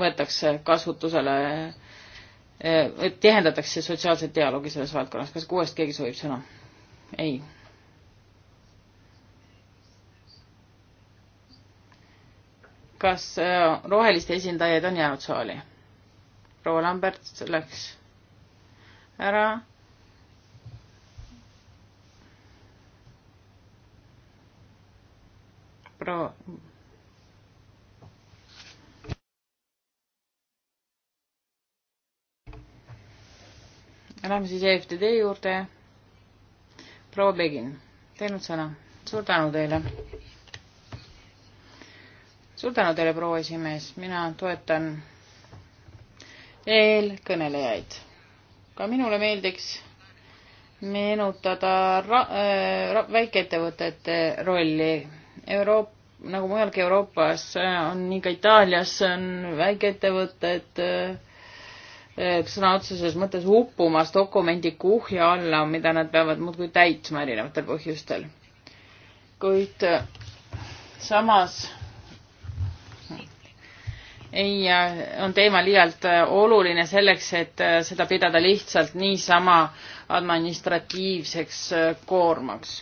võetakse kasutusele, et tihendatakse sotsiaalset dialoogi selles valdkonnas. kas kuuest keegi soovib sõna? ei. kas roheliste esindajaid on jäänud saali? proua Lambert läks ära. proua. Lähme siis EFTD juurde. proua Begin, teil on sõna. suur tänu teile. suur tänu teile, proua esimees, mina toetan eelkõnelejaid. ka minule meeldiks meenutada ra-, äh, ra-, väikeettevõtete rolli. Euroop-, nagu mujalgi Euroopas äh, on nii ka Itaalias on väikeettevõtted äh, sõna otseses mõttes uppumas dokumendi kuhja alla, mida nad peavad muudkui täitma erinevatel põhjustel. kuid samas ei, on teema liialt äh, oluline selleks, et äh, seda pidada lihtsalt niisama administratiivseks äh, koormaks.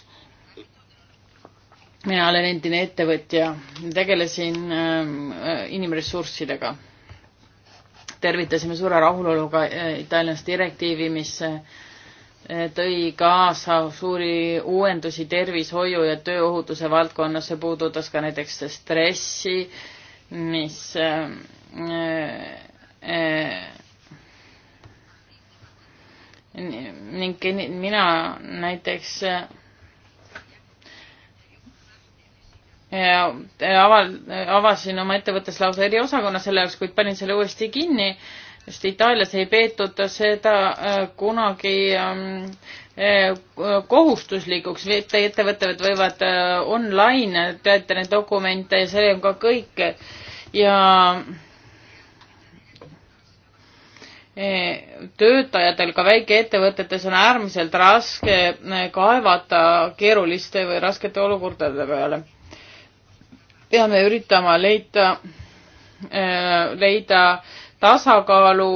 mina olen endine ettevõtja, tegelesin ähm, inimressurssidega. tervitasime suure rahuloluga Itaalias direktiivi, mis tõi kaasa suuri uuendusi tervishoiu ja tööohutuse valdkonnas, see puudutas ka näiteks stressi mis äh, äh, ning mina näiteks äh, äh, aval-, avasin oma ettevõttes lausa eriosakonna selle jaoks, kuid panin selle uuesti kinni, sest Itaalias ei peetud seda äh, kunagi ähm, Eh, kohustuslikuks, ettevõtted võivad eh, online tööta neid dokumente ja see on ka kõik ja eh, töötajatel ka väikeettevõtetes on äärmiselt raske kaevata keeruliste või raskete olukordade peale. peame üritama leida, leida tasakaalu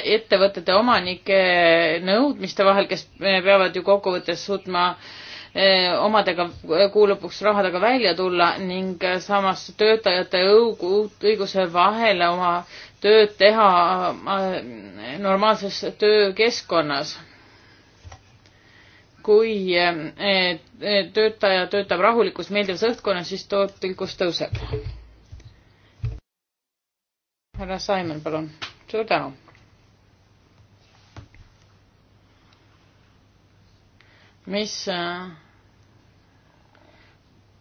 ettevõtete omanike nõudmiste vahel, kes eh, peavad ju kokkuvõttes suutma eh, omadega eh, kuu lõpuks rahadega välja tulla ning samas töötajate õiguse vahele oma tööd teha normaalses töökeskkonnas. kui töötaja töötab rahulikus meeldivas õhkkonnas, siis tootlikkus tõuseb härra Simon, palun. suur tänu. mis äh,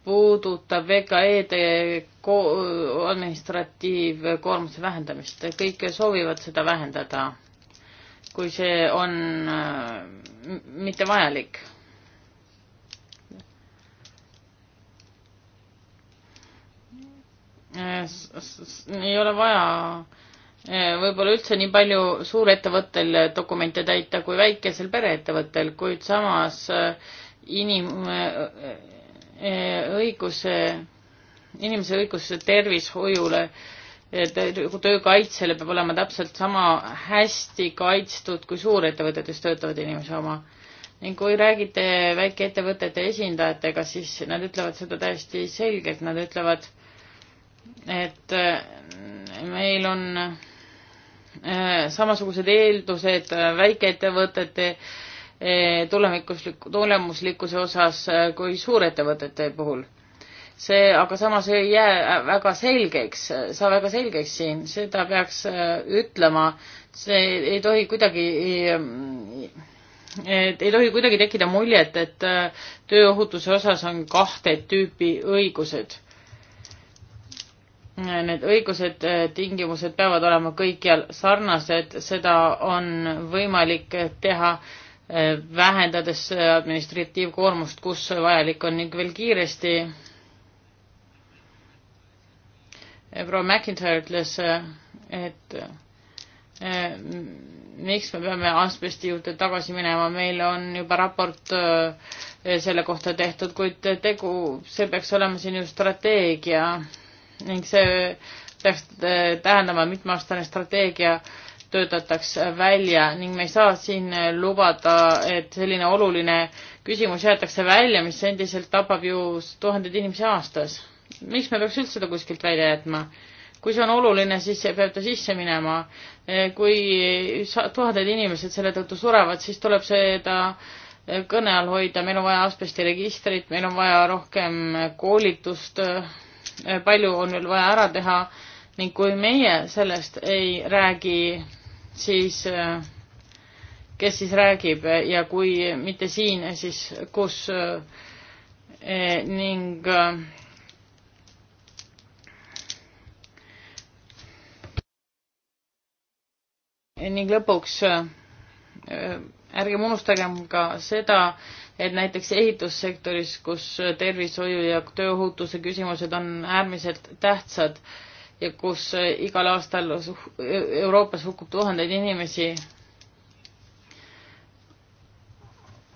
puudutab VKE-de administratiivkoormuse vähendamist, kõik soovivad seda vähendada, kui see on äh, mitte vajalik Äh, ei ole vaja äh, võib-olla üldse nii palju suurettevõttel dokumente täita kui väikesel pereettevõttel, kuid samas äh, inim-, õiguse, inimese õigus tervishoiule, töökaitsele peab olema täpselt sama hästi kaitstud kui suurettevõtetes töötavad inimese oma. ning kui räägite väikeettevõtete esindajatega, siis nad ütlevad seda täiesti selgelt, nad ütlevad, et äh, meil on äh, samasugused eeldused äh, väikeettevõtete tulemuslikku, tulemuslikkuse osas kui suurettevõtete puhul. see aga samas ei jää väga selgeks, saa väga selgeks siin, seda peaks ütlema, see ei tohi kuidagi et ei tohi kuidagi tekkida muljet, et tööohutuse osas on kahte tüüpi õigused need õigused, äh, tingimused peavad olema kõikjal sarnased, seda on võimalik teha äh, vähendades administratiivkoormust, kus vajalik on ning veel kiiresti. Äh, proua McIntyre ütles, et miks me peame asbesti juurde tagasi minema, meil on juba raport selle kohta tehtud, kuid tegu, see peaks olema siin ju strateegia ning see peaks eh, tähendama mitmeaastane strateegia töötataks välja ning me ei saa siin lubada, et selline oluline küsimus jäetakse välja, mis endiselt tapab ju tuhandeid inimesi aastas. miks me peaks üldse ta kuskilt välja jätma? kui see on oluline, siis peab ta sisse minema. Eh, kui tuhanded inimesed selle tõttu surevad, siis tuleb seda kõne all hoida, meil on vaja asbestiregistrit, meil on vaja rohkem koolitust eh, palju on veel vaja ära teha ning kui meie sellest ei räägi, siis kes siis räägib ja kui mitte siin, siis kus ning ning lõpuks ärgem unustagem ka seda, et näiteks ehitussektoris, kus tervishoiu ja tööohutuse küsimused on äärmiselt tähtsad ja kus igal aastal Euroopas hukkub tuhandeid inimesi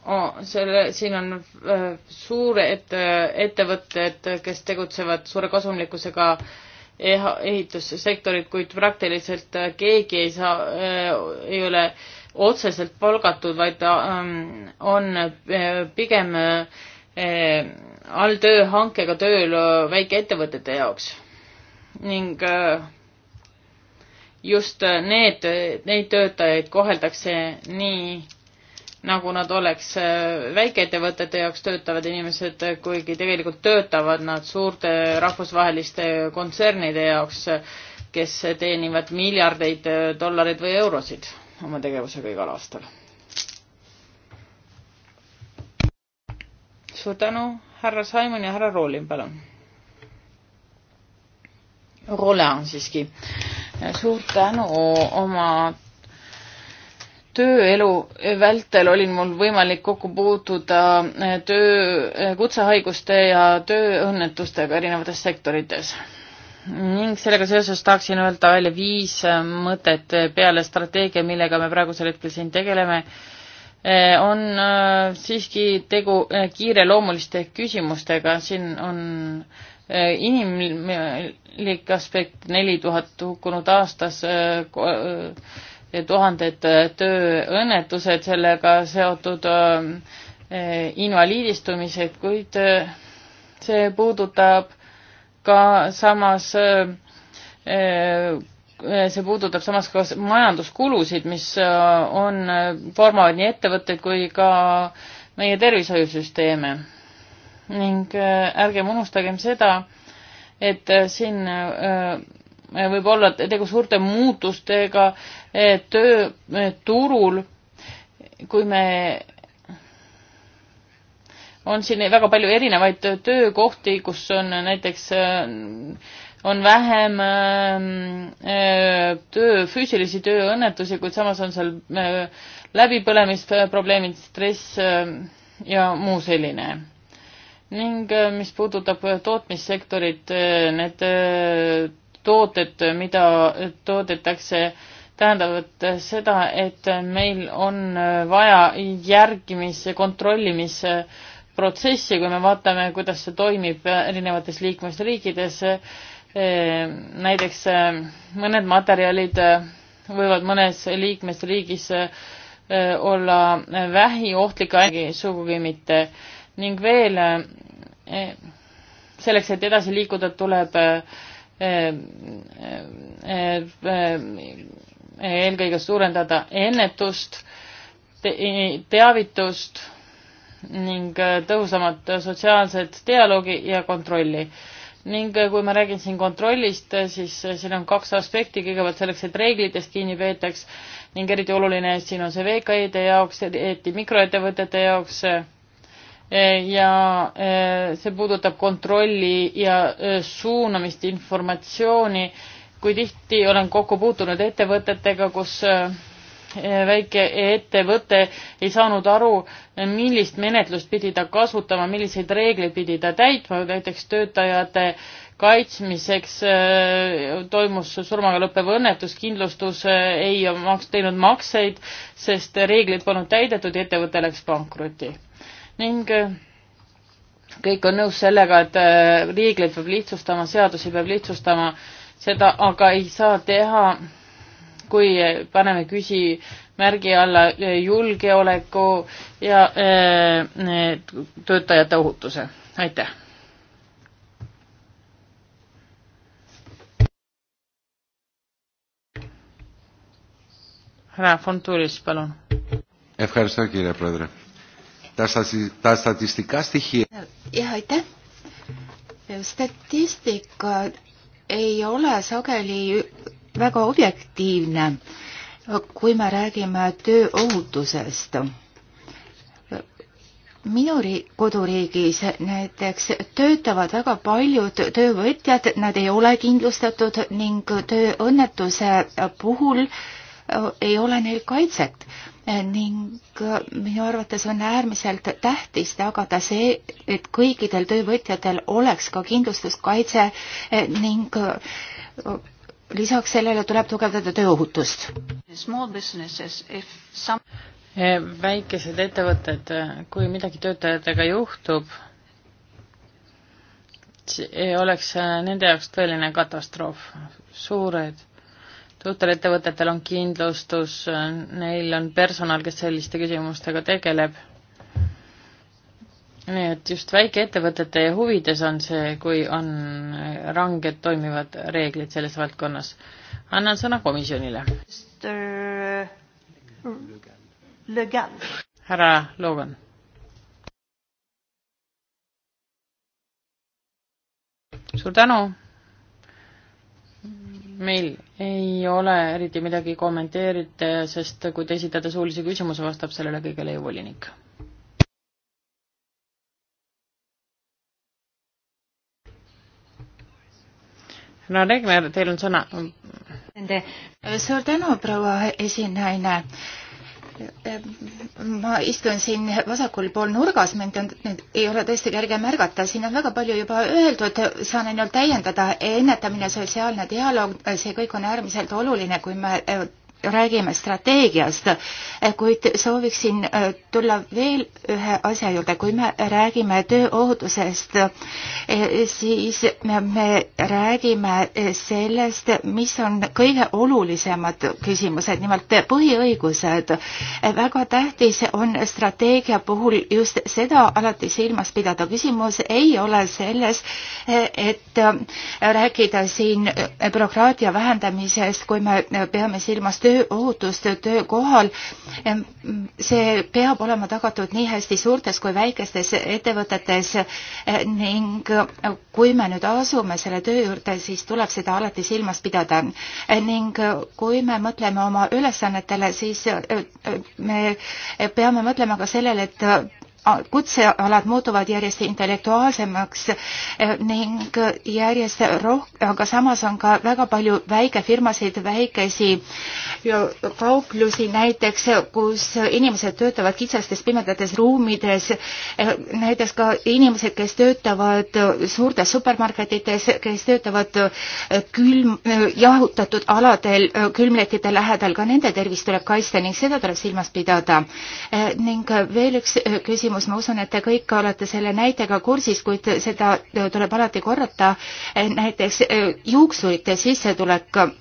oh,. selle, siin on äh, suured ettevõtted, kes tegutsevad suure kasumlikkusega ehitussektorit, kuid praktiliselt äh, keegi ei saa, äh, ei ole otseselt palgatud, vaid ähm, on äh, pigem äh, alltööhankega tööl äh, väikeettevõtete jaoks. ning just need, neid töötajaid koheldakse nii, nagu nad oleks väikeettevõtete jaoks töötavad inimesed, kuigi tegelikult töötavad nad suurte rahvusvaheliste kontsernide jaoks, kes teenivad miljardeid dollareid või eurosid oma tegevusega igal aastal. suur tänu, härra Simon ja härra Roolin, palun. Roland siiski. suur tänu oma tööelu vältel olin mul võimalik kokku puutuda töö, kutsehaiguste ja tööõnnetustega erinevates sektorites ning sellega seoses tahaksin öelda välja viis äh, mõtet peale strateegia, millega me praegusel hetkel siin tegeleme, äh, on äh, siiski tegu kiireloomuliste küsimustega, siin on inimlik aspekt, neli tuhat hukkunud aastas, tuhanded tööõnnetused sellega seotud, invaliidistumised, kuid see puudutab ka samas äh, äh, see puudutab samas ka majanduskulusid, mis äh, on, koormavad nii ettevõtteid kui ka meie tervishoiusüsteeme. ning ärgem unustagem seda, et siin võib olla tegu suurte muutustega tööturul, kui me on siin väga palju erinevaid töökohti, kus on näiteks on vähem äh, töö, füüsilisi tööõnnetusi, kuid samas on seal äh, läbipõlemisprobleemid, äh, stress ja muu selline. ning mis puudutab tootmissektorit, need tooted, mida toodetakse, tähendavad seda, et meil on vaja järgimis- ja kontrollimis- protsessi, kui me vaatame, kuidas see toimib erinevates liikmesriikides, eh, näiteks eh, mõned materjalid eh, võivad mõnes liikmesriigis olla vähiohtlik, sugugi mitte. ning veel selleks, et edasi liikuda, tuleb eelkõige suurendada ennetust te, teavitust ning äh, tõhusamat sotsiaalset dialoogi ja kontrolli. ning äh, kui ma räägin siin kontrollist, äh, siis siin on kaks aspekti, kõigepealt selleks, et reeglitest kinni peetaks ning eriti oluline, et siin on see VKI-de jaoks, eriti mikroettevõtete jaoks ja see puudutab kontrolli ja suunamist informatsiooni, kui tihti olen kokku puutunud ettevõtetega, kus väikeettevõte ei saanud aru, millist menetlust pidi ta kasutama, milliseid reegleid pidi ta täitma, näiteks töötajate kaitsmiseks äh, toimus surmaga lõppev õnnetus, kindlustus äh, ei maks-, teinud makseid, sest reeglid polnud täidetud ja ettevõte läks pankrotti. ning äh, kõik on nõus sellega, et reegleid peab lihtsustama, seadusi peab lihtsustama, seda aga ei saa teha kui paneme küsimärgi alla eh, julgeoleku ja eh, töötajate ohutuse. aitäh. härra Fonturis, palun. jah, aitäh. statistika ei ole sageli väga objektiivne, kui me räägime tööohutusest. minu ri-, koduriigis näiteks töötavad väga paljud töövõtjad, nad ei ole kindlustatud ning tööõnnetuse puhul äh, ei ole neil kaitset ning äh, minu arvates on äärmiselt tähtis tagada see, et kõikidel töövõtjatel oleks ka kindlustuskaitse äh, ning lisaks sellele tuleb tugevdada tööohutust. Some... E, väikesed ettevõtted, kui midagi töötajatega juhtub, e, oleks äh, nende jaoks tõeline katastroof. suured, suurtel ettevõtetel on kindlustus, äh, neil on personal, kes selliste küsimustega tegeleb nii et just väikeettevõtete huvides on see, kui on ranged toimivad reeglid selles valdkonnas. annan sõna komisjonile. Uh, härra Logan. suur tänu. meil ei ole eriti midagi kommenteerida, sest kui te esitate suulise küsimuse, vastab sellele kõigele ju volinik no Regner, teil on sõna. suur tänu, proua esinaine. ma istun siin vasakul pool nurgas, mind on, nüüd ei ole tõesti kerge märgata, siin on väga palju juba öeldud, saan ainult täiendada, ennetamine, sotsiaalne dialoog, see kõik on äärmiselt oluline, kui me räägime strateegiast, kuid sooviksin äh, tulla veel ühe asja juurde, kui me räägime tööohutusest, eh, siis me, me räägime eh, sellest, mis on kõige olulisemad küsimused, nimelt põhiõigused. väga tähtis on strateegia puhul just seda alati silmas pidada, küsimus ei ole selles, eh, et rääkida siin bürokraatia vähendamisest, kui me peame silmas töö tööohutust töökohal. see peab olema tagatud nii hästi suurtes kui väikestes ettevõtetes ning kui me nüüd asume selle töö juurde, siis tuleb seda alati silmas pidada. ning kui me mõtleme oma ülesannetele, siis eh, eh, me peame mõtlema ka sellele, et kutsealad muutuvad järjest intellektuaalsemaks eh, ning järjest rohkem, aga samas on ka väga palju väikefirmasid, väikesi kauplusi näiteks, kus inimesed töötavad kitsastes pimedates ruumides, eh, näiteks ka inimesed, kes töötavad suurtes supermarketites, kes töötavad eh, külm, jahutatud aladel, külmletite lähedal, ka nende tervist tuleb kaitsta ning seda tuleb silmas pidada. ning veel üks küsimus küsimus, ma usun, et te kõik olete selle näitega kursis, kuid seda tuleb alati korrata, eh, näiteks eh, juuksurite sissetulek.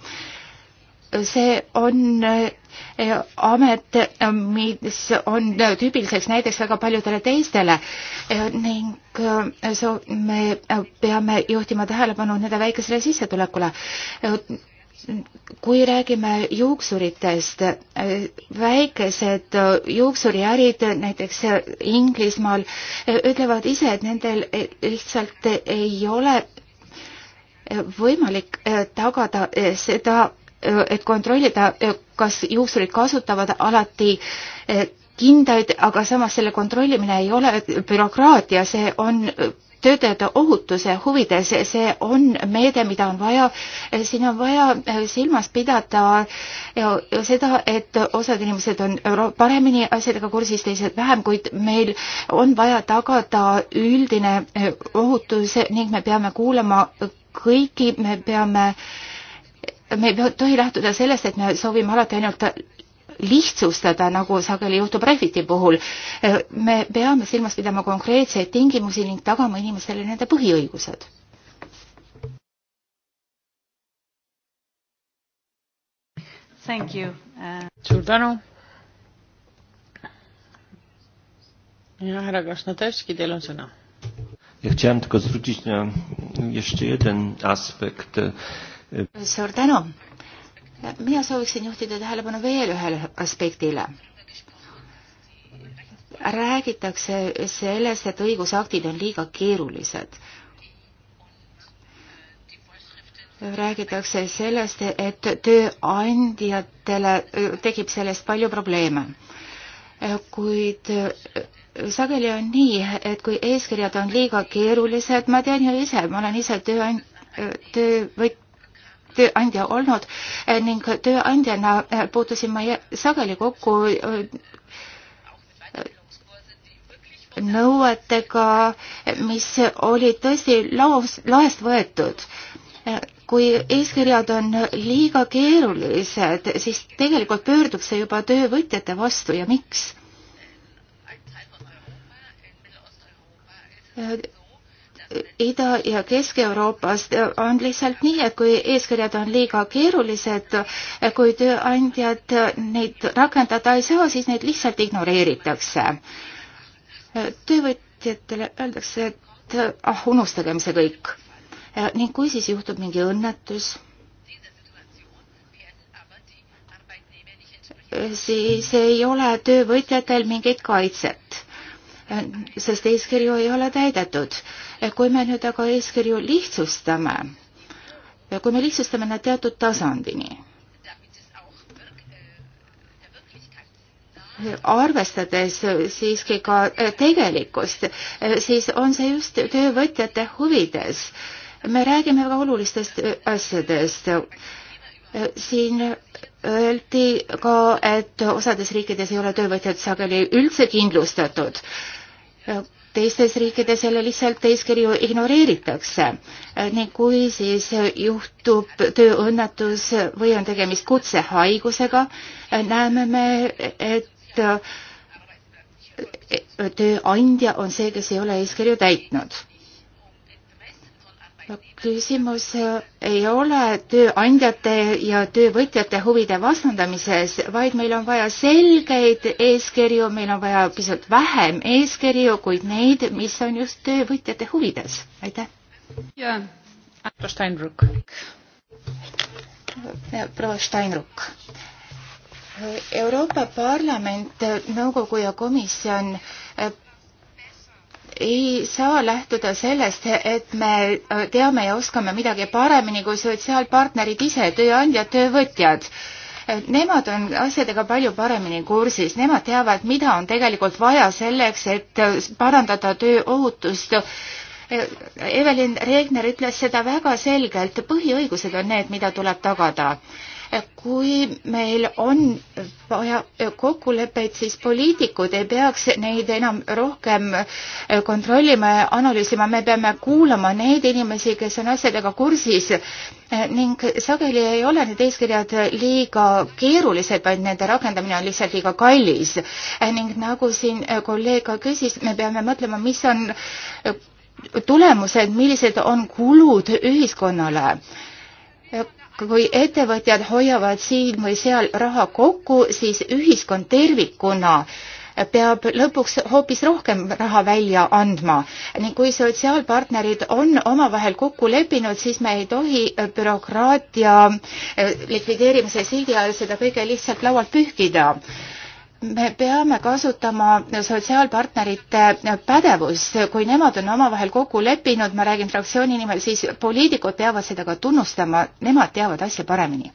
see on eh, amet, mis on tüübiliseks näiteks väga paljudele teistele ning so, me peame juhtima tähelepanu nende väikesele sissetulekule kui räägime juuksuritest, väikesed juuksuriärid näiteks Inglismaal ütlevad ise, et nendel lihtsalt ei ole võimalik eh, tagada eh, seda, eh, et kontrollida, kas juuksurid kasutavad alati kindaid, aga samas selle kontrollimine ei ole bürokraatia, see on töötajate ohutuse huvides, see on meede, mida on vaja, siin on vaja silmas pidada ja, ja seda, et osad inimesed on paremini asjadega kursis, teised vähem, kuid meil on vaja tagada üldine eh, ohutus ning me peame kuulama kõiki, me peame me ei tohi lähtuda sellest, et me soovime alati ainult lihtsustada, nagu sageli juhtub Refiti puhul. me peame silmas pidama konkreetseid tingimusi ning tagama inimestele nende põhiõigused. Thank you uh.... suur tänu. ja härra Krasnodevski, teil on sõna. Ja chciałem tylko zwrócić na jeszcze jeden aspekt. Suur tänu mina sooviksin juhtida tähelepanu veel ühele aspektile. räägitakse sellest, et õigusaktid on liiga keerulised räägitakse sellest, et tööandjatele tekib sellest palju probleeme. kuid sageli on nii, et kui eeskirjad on liiga keerulised, ma tean ju ise, ma olen ise tööand-, töövõt-, tööandja olnud eh, ning tööandjana eh, puutusin ma sageli kokku eh, nõuetega, mis olid tõesti laos, laest võetud. kui eeskirjad on liiga keerulised, siis tegelikult pöördub see juba töövõtjate vastu ja miks? Ida- ja Kesk-Euroopast on lihtsalt nii, et kui eeskirjad on liiga keerulised, kui tööandjad neid rakendada ei saa, siis neid lihtsalt ignoreeritakse. töövõtjatele öeldakse, et ah, unustagem see kõik. ning kui siis juhtub mingi õnnetus, siis ei ole töövõtjatel mingit kaitset sest eeskirju ei ole täidetud. kui me nüüd aga eeskirju lihtsustame, kui me lihtsustame nad teatud tasandini, arvestades siiski ka tegelikkust, siis on see just töövõtjate huvides. me räägime väga olulistest asjadest. siin öeldi ka, et osades riikides ei ole töövõtjad sageli üldse kindlustatud teistes riikides jälle lihtsalt eeskirju ignoreeritakse ning kui siis juhtub tööõnnetus või on tegemist kutsehaigusega, näeme me, et tööandja on see, kes ei ole eeskirju täitnud küsimus ei ole tööandjate ja töövõtjate huvide vastandamises, vaid meil on vaja selgeid eeskirju, meil on vaja pisut vähem eeskirju, kuid neid, mis on just töövõtjate huvides. aitäh. ja, proua Steinruck. proua Steinruck. Euroopa Parlament, nõukogu ja komisjon ei saa lähtuda sellest, et me äh, teame ja oskame midagi paremini kui sotsiaalpartnerid ise, tööandjad, töövõtjad. Nemad on asjadega palju paremini kursis, nemad teavad, mida on tegelikult vaja selleks, et äh, parandada tööohutust. Evelyn Regner ütles seda väga selgelt, põhiõigused on need, mida tuleb tagada kui meil on vaja kokkuleppeid, siis poliitikud ei peaks neid enam rohkem äh, kontrollima ja analüüsima, me peame kuulama neid inimesi, kes on asjadega kursis äh, ning sageli ei ole need eeskirjad liiga keerulised, vaid nende rakendamine on lihtsalt liiga kallis. Äh, ning nagu siin kolleeg ka küsis, me peame mõtlema, mis on tulemused, millised on kulud ühiskonnale kui ettevõtjad hoiavad siin või seal raha kokku, siis ühiskond tervikuna peab lõpuks hoopis rohkem raha välja andma ning kui sotsiaalpartnerid on omavahel kokku leppinud, siis me ei tohi bürokraatia eh, likvideerimise sildi all seda kõige lihtsalt laualt pühkida me peame kasutama sotsiaalpartnerite pädevust, kui nemad on omavahel kokku leppinud, ma räägin fraktsiooni nimel, siis poliitikud peavad seda ka tunnustama, nemad teavad asja paremini.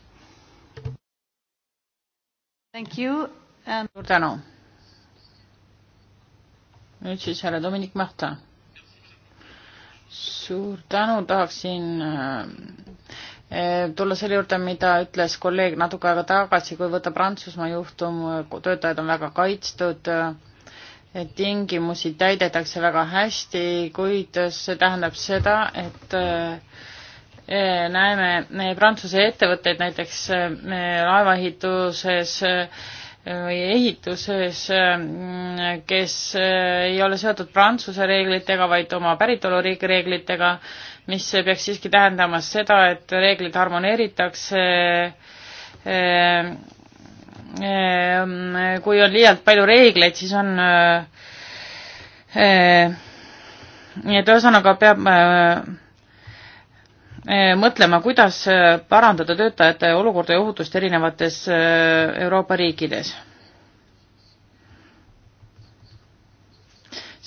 Um, suur And... tänu. nüüd siis härra Dominik Mahta. suur tänu, tahaksin ähm, Eh, tulla selle juurde, mida ütles kolleeg natuke aega tagasi, kui võtta Prantsusmaa juhtum, töötajad on väga kaitstud, eh, tingimusi täidetakse väga hästi, kuid see tähendab seda, et eh, näeme Prantsuse ettevõtteid näiteks laevaehituses või ehituses, kes ei ole seotud Prantsuse reeglitega, vaid oma päritoluriigi reeglitega mis peaks siiski tähendama seda, et reeglid harmoneeritakse. Eh, eh, kui on liialt palju reegleid, siis on nii eh, et ühesõnaga peab mõtlema, kuidas parandada töötajate olukorda ja ohutust erinevates Euroopa riikides.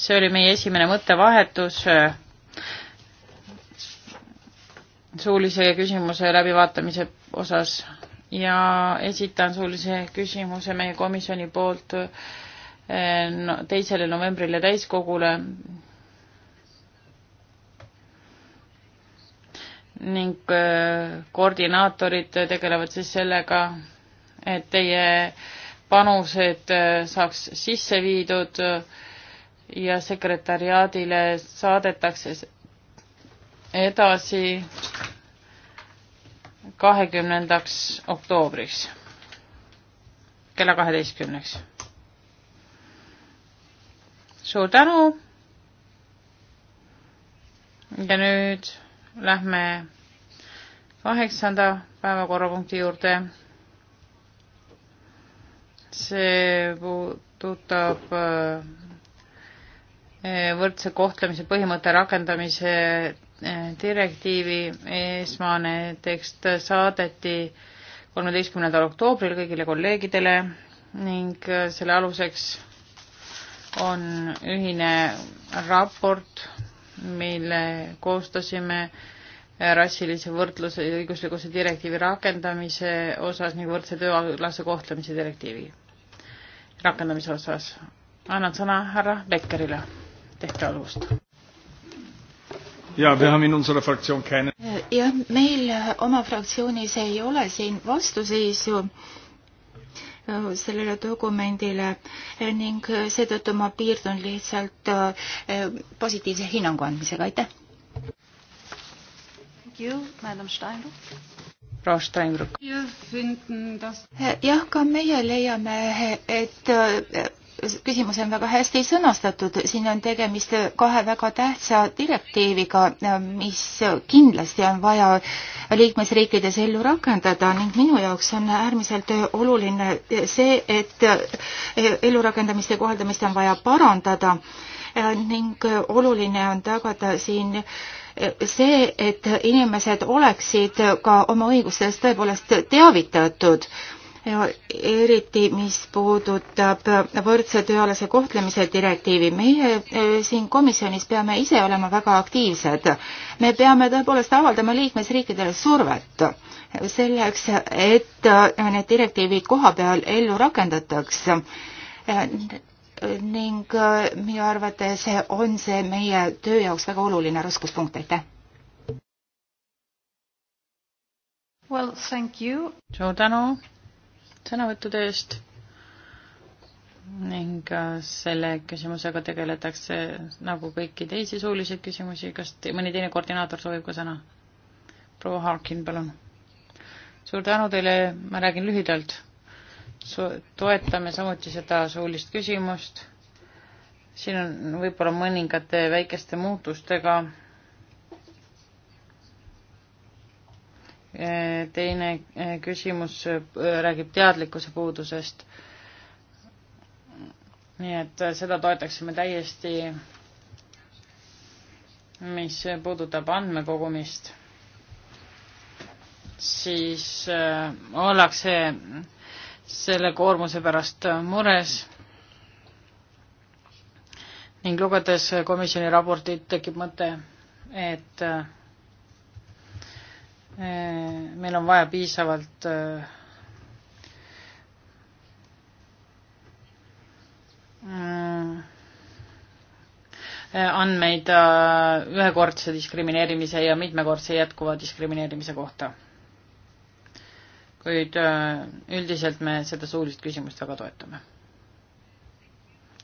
see oli meie esimene mõttevahetus suulise küsimuse läbivaatamise osas ja esitan suulise küsimuse meie komisjoni poolt eh, teisele novembrile täiskogule ning eh, koordinaatorid tegelevad siis sellega, et teie panused eh, saaks sisse viidud ja sekretariaadile saadetakse edasi kahekümnendaks oktoobriks kella kaheteistkümneks. suur tänu. ja nüüd lähme kaheksanda päevakorrapunkti juurde. see puudutab äh, võrdse kohtlemise põhimõtte rakendamise direktiivi esmane tekst saadeti kolmeteistkümnendal oktoobril kõigile kolleegidele ning selle aluseks on ühine raport, mille koostasime rassilise võrdluse ja õiguslikkuse direktiivi rakendamise osas ning võrdse tööalase kohtlemise direktiivi rakendamise osas. annan sõna härra Beckerile tehte algust ja, wir haben in unserer Fraktion keine. jah, meil äh, oma fraktsioonis ei ole siin vastuseisu äh, sellele dokumendile äh, ning seetõttu ma piirdun lihtsalt positiivse hinnangu andmisega, aitäh. proua Steinruck. jah, ka meie leiame, et küsimus on väga hästi sõnastatud, siin on tegemist kahe väga tähtsa direktiiviga, mis kindlasti on vaja liikmesriikides ellu rakendada ning minu jaoks on äärmiselt oluline see, et ellurakendamist ja kohaldamist on vaja parandada ning oluline on tagada siin see, et inimesed oleksid ka oma õigustest tõepoolest teavitatud ja eriti, mis puudutab võrdse tööalase kohtlemise direktiivi. meie eh, siin komisjonis peame ise olema väga aktiivsed. me peame tõepoolest avaldama liikmesriikidele survet selleks, et eh, need direktiivid koha peal ellu rakendataks eh, ning minu arvates on see meie töö jaoks väga oluline raskuspunkt, aitäh! Well, thank you. suur tänu! sõnavõttude eest ning äh, selle küsimusega tegeletakse nagu kõiki teisi suulisi küsimusi, kas te, mõni teine koordinaator soovib ka sõna? proua Harkin, palun. suur tänu teile, ma räägin lühidalt. toetame samuti seda suulist küsimust. siin on võib-olla mõningate väikeste muutustega teine eh, küsimus eh, räägib teadlikkuse puudusest. nii et eh, seda toetaksime täiesti, mis puudutab andmekogumist, siis ollakse selle koormuse pärast mures ning lugedes komisjoni raportit, tekib mõte, et äh, meil on vaja piisavalt äh, andmeid äh, ühekordse diskrimineerimise ja mitmekordse jätkuva diskrimineerimise kohta. kuid äh, üldiselt me seda suulist küsimust väga toetame.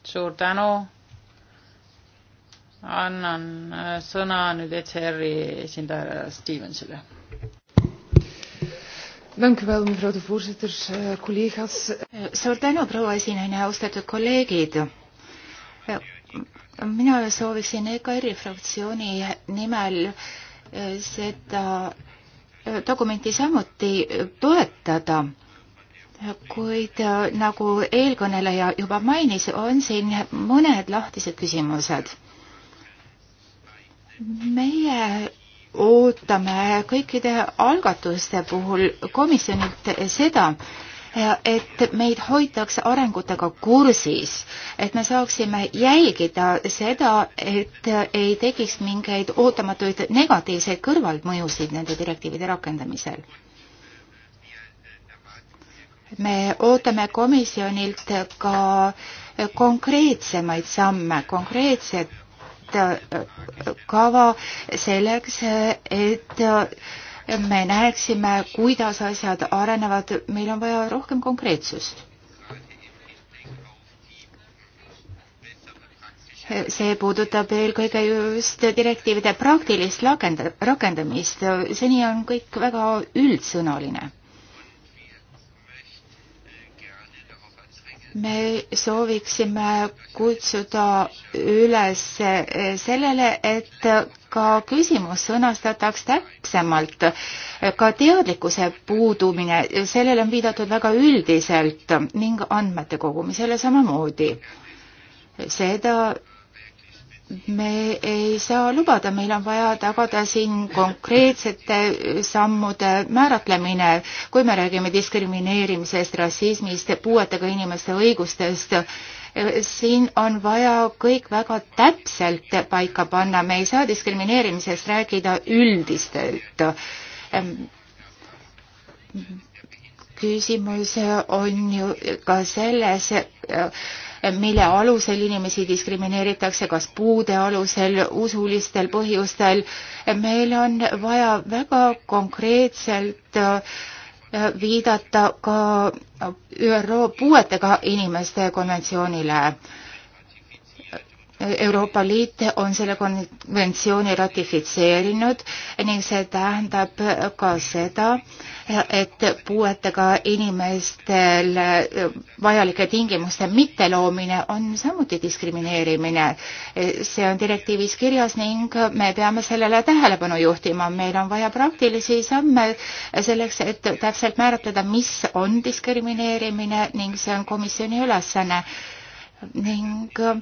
suur tänu. annan sõna nüüd ECR-i esindajale Stevensile Eh, eh, suur tänu, proua esinaine, austatud kolleegid. mina sooviksin EKR-i fraktsiooni nimel eh, seda dokumenti samuti toetada kuid nagu eelkõneleja juba mainis, on siin mõned lahtised küsimused. meie ootame kõikide algatuste puhul komisjonilt seda, et meid hoitakse arengutega kursis, et me saaksime jälgida seda, et ei tekiks mingeid ootamatuid negatiivseid kõrvalmõjusid nende direktiivide rakendamisel. me ootame komisjonilt ka konkreetsemaid samme, konkreetset Äh, kava selleks, et äh, me näeksime, kuidas asjad arenevad, meil on vaja rohkem konkreetsust. see puudutab eelkõige just direktiivide praktilist rakendamist, seni on kõik väga üldsõnaline me sooviksime kutsuda üles eh, sellele, et ka küsimus sõnastataks täpsemalt. ka teadlikkuse puudumine, sellele on viidatud väga üldiselt ning andmete kogumisele samamoodi. seda me ei saa lubada, meil on vaja tagada siin konkreetsete sammude määratlemine, kui me räägime diskrimineerimisest, rassismist, puuetega inimeste õigustest. siin on vaja kõik väga täpselt paika panna, me ei saa diskrimineerimisest rääkida üldistelt. küsimus on ju ka selles, mille alusel inimesi diskrimineeritakse, kas puude alusel, usulistel põhjustel. meil on vaja väga konkreetselt äh, viidata ka ÜRO puuetega inimeste konventsioonile Euroopa Liit on selle konventsiooni ratifitseerinud ning see tähendab ka seda, et puuetega inimestel vajalike tingimuste mitteloomine on samuti diskrimineerimine. see on direktiivis kirjas ning me peame sellele tähelepanu juhtima, meil on vaja praktilisi samme selleks, et täpselt määratleda, mis on diskrimineerimine ning see on komisjoni ülesanne ning äh,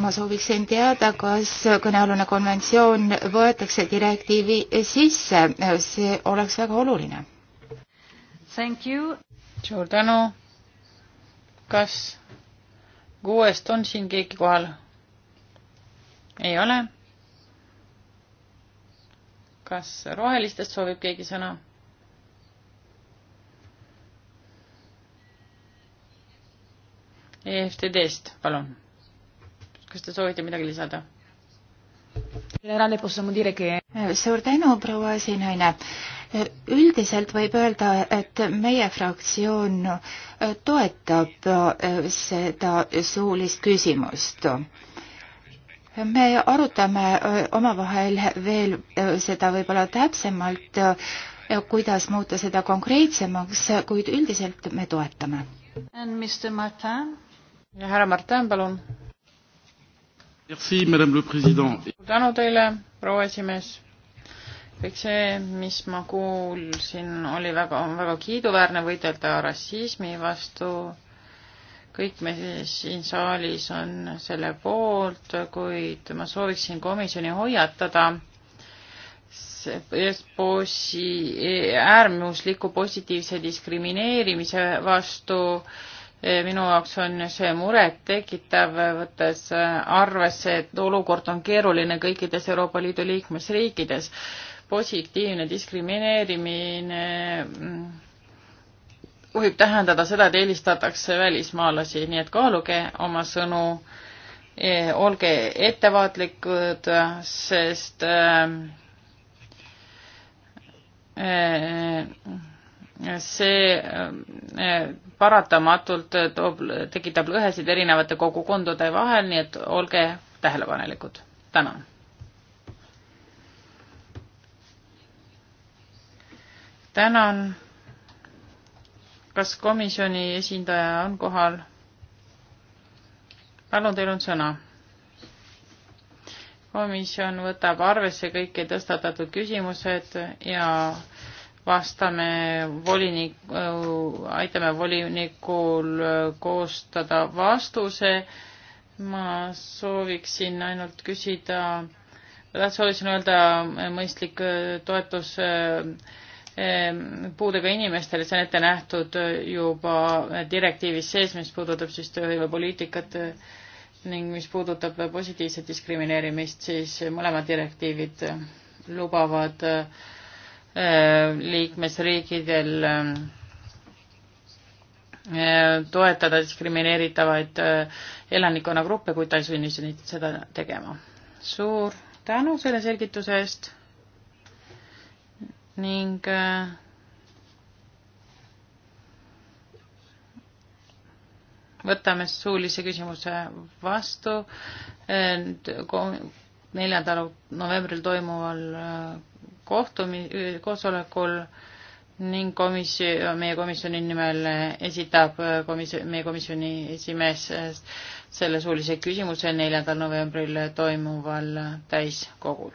ma sooviksin teada, kas kõnealune konventsioon võetakse direktiivi sisse, see oleks väga oluline. suur tänu. kas kuuest on siin keegi kohal? ei ole. kas rohelistest soovib keegi sõna? EFTD-st, palun. kas te soovite midagi lisada? Eh, suur tänu, proua esinaine. Eh, üldiselt võib öelda, et meie fraktsioon eh, toetab seda suulist küsimust me arutame omavahel veel seda võib-olla täpsemalt, kuidas muuta seda konkreetsemaks, kuid üldiselt me toetame härra Martin, palun. tänu teile, proua esimees. kõik see, mis ma kuulsin, oli väga, on väga kiiduväärne võidelda rassismi vastu kõik me siin saalis on selle poolt, kuid ma sooviksin komisjoni hoiatada bossi, äärmusliku positiivse diskrimineerimise vastu äh, minu jaoks on see murettekitav, võttes arvesse, et olukord on keeruline kõikides Euroopa Liidu liikmesriikides. positiivne diskrimineerimine mm, võib tähendada seda, et eelistatakse välismaalasi, nii et kaaluge oma sõnu, e, olge ettevaatlikud, sest e, e, see paratamatult eh, toob, tekitab lõhesid erinevate kogukondade vahel, nii et olge tähelepanelikud. tänan. tänan. kas komisjoni esindaja on kohal? palun, teil on sõna. komisjon võtab arvesse kõiki tõstatatud küsimused ja vastame volinik, äh, aitame volinikul äh, koostada vastuse. ma sooviksin ainult küsida, soovisin öelda äh, mõistlik toetus puudega inimestele, see on ette nähtud juba direktiivis sees, mis puudutab siis tööhõivepoliitikat ning mis puudutab positiivset diskrimineerimist, siis mõlemad direktiivid lubavad äh, Äh, liikmesriikidel ähm, äh, toetada diskrimineeritavaid äh, elanikkonnagruppe, kui ta ei sunni seda tegema. suur tänu selle selgituse eest ning võtame suulise küsimuse vastu neljandal novembril toimuval kohtumi-, koosolekul ning komisjon, meie komisjoni nimel esitab komisjon, meie komisjoni esimees selle suulise küsimuse neljandal novembril toimuval täiskogul.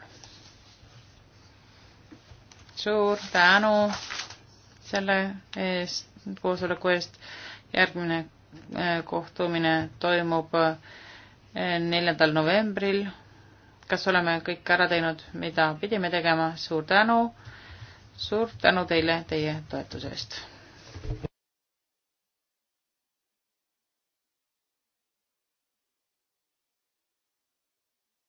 suur tänu selle eest, koosoleku eest. järgmine eh, kohtumine toimub eh, neljandal novembril kas oleme kõik ära teinud, mida pidime tegema, suur tänu, suur tänu teile teie toetuse eest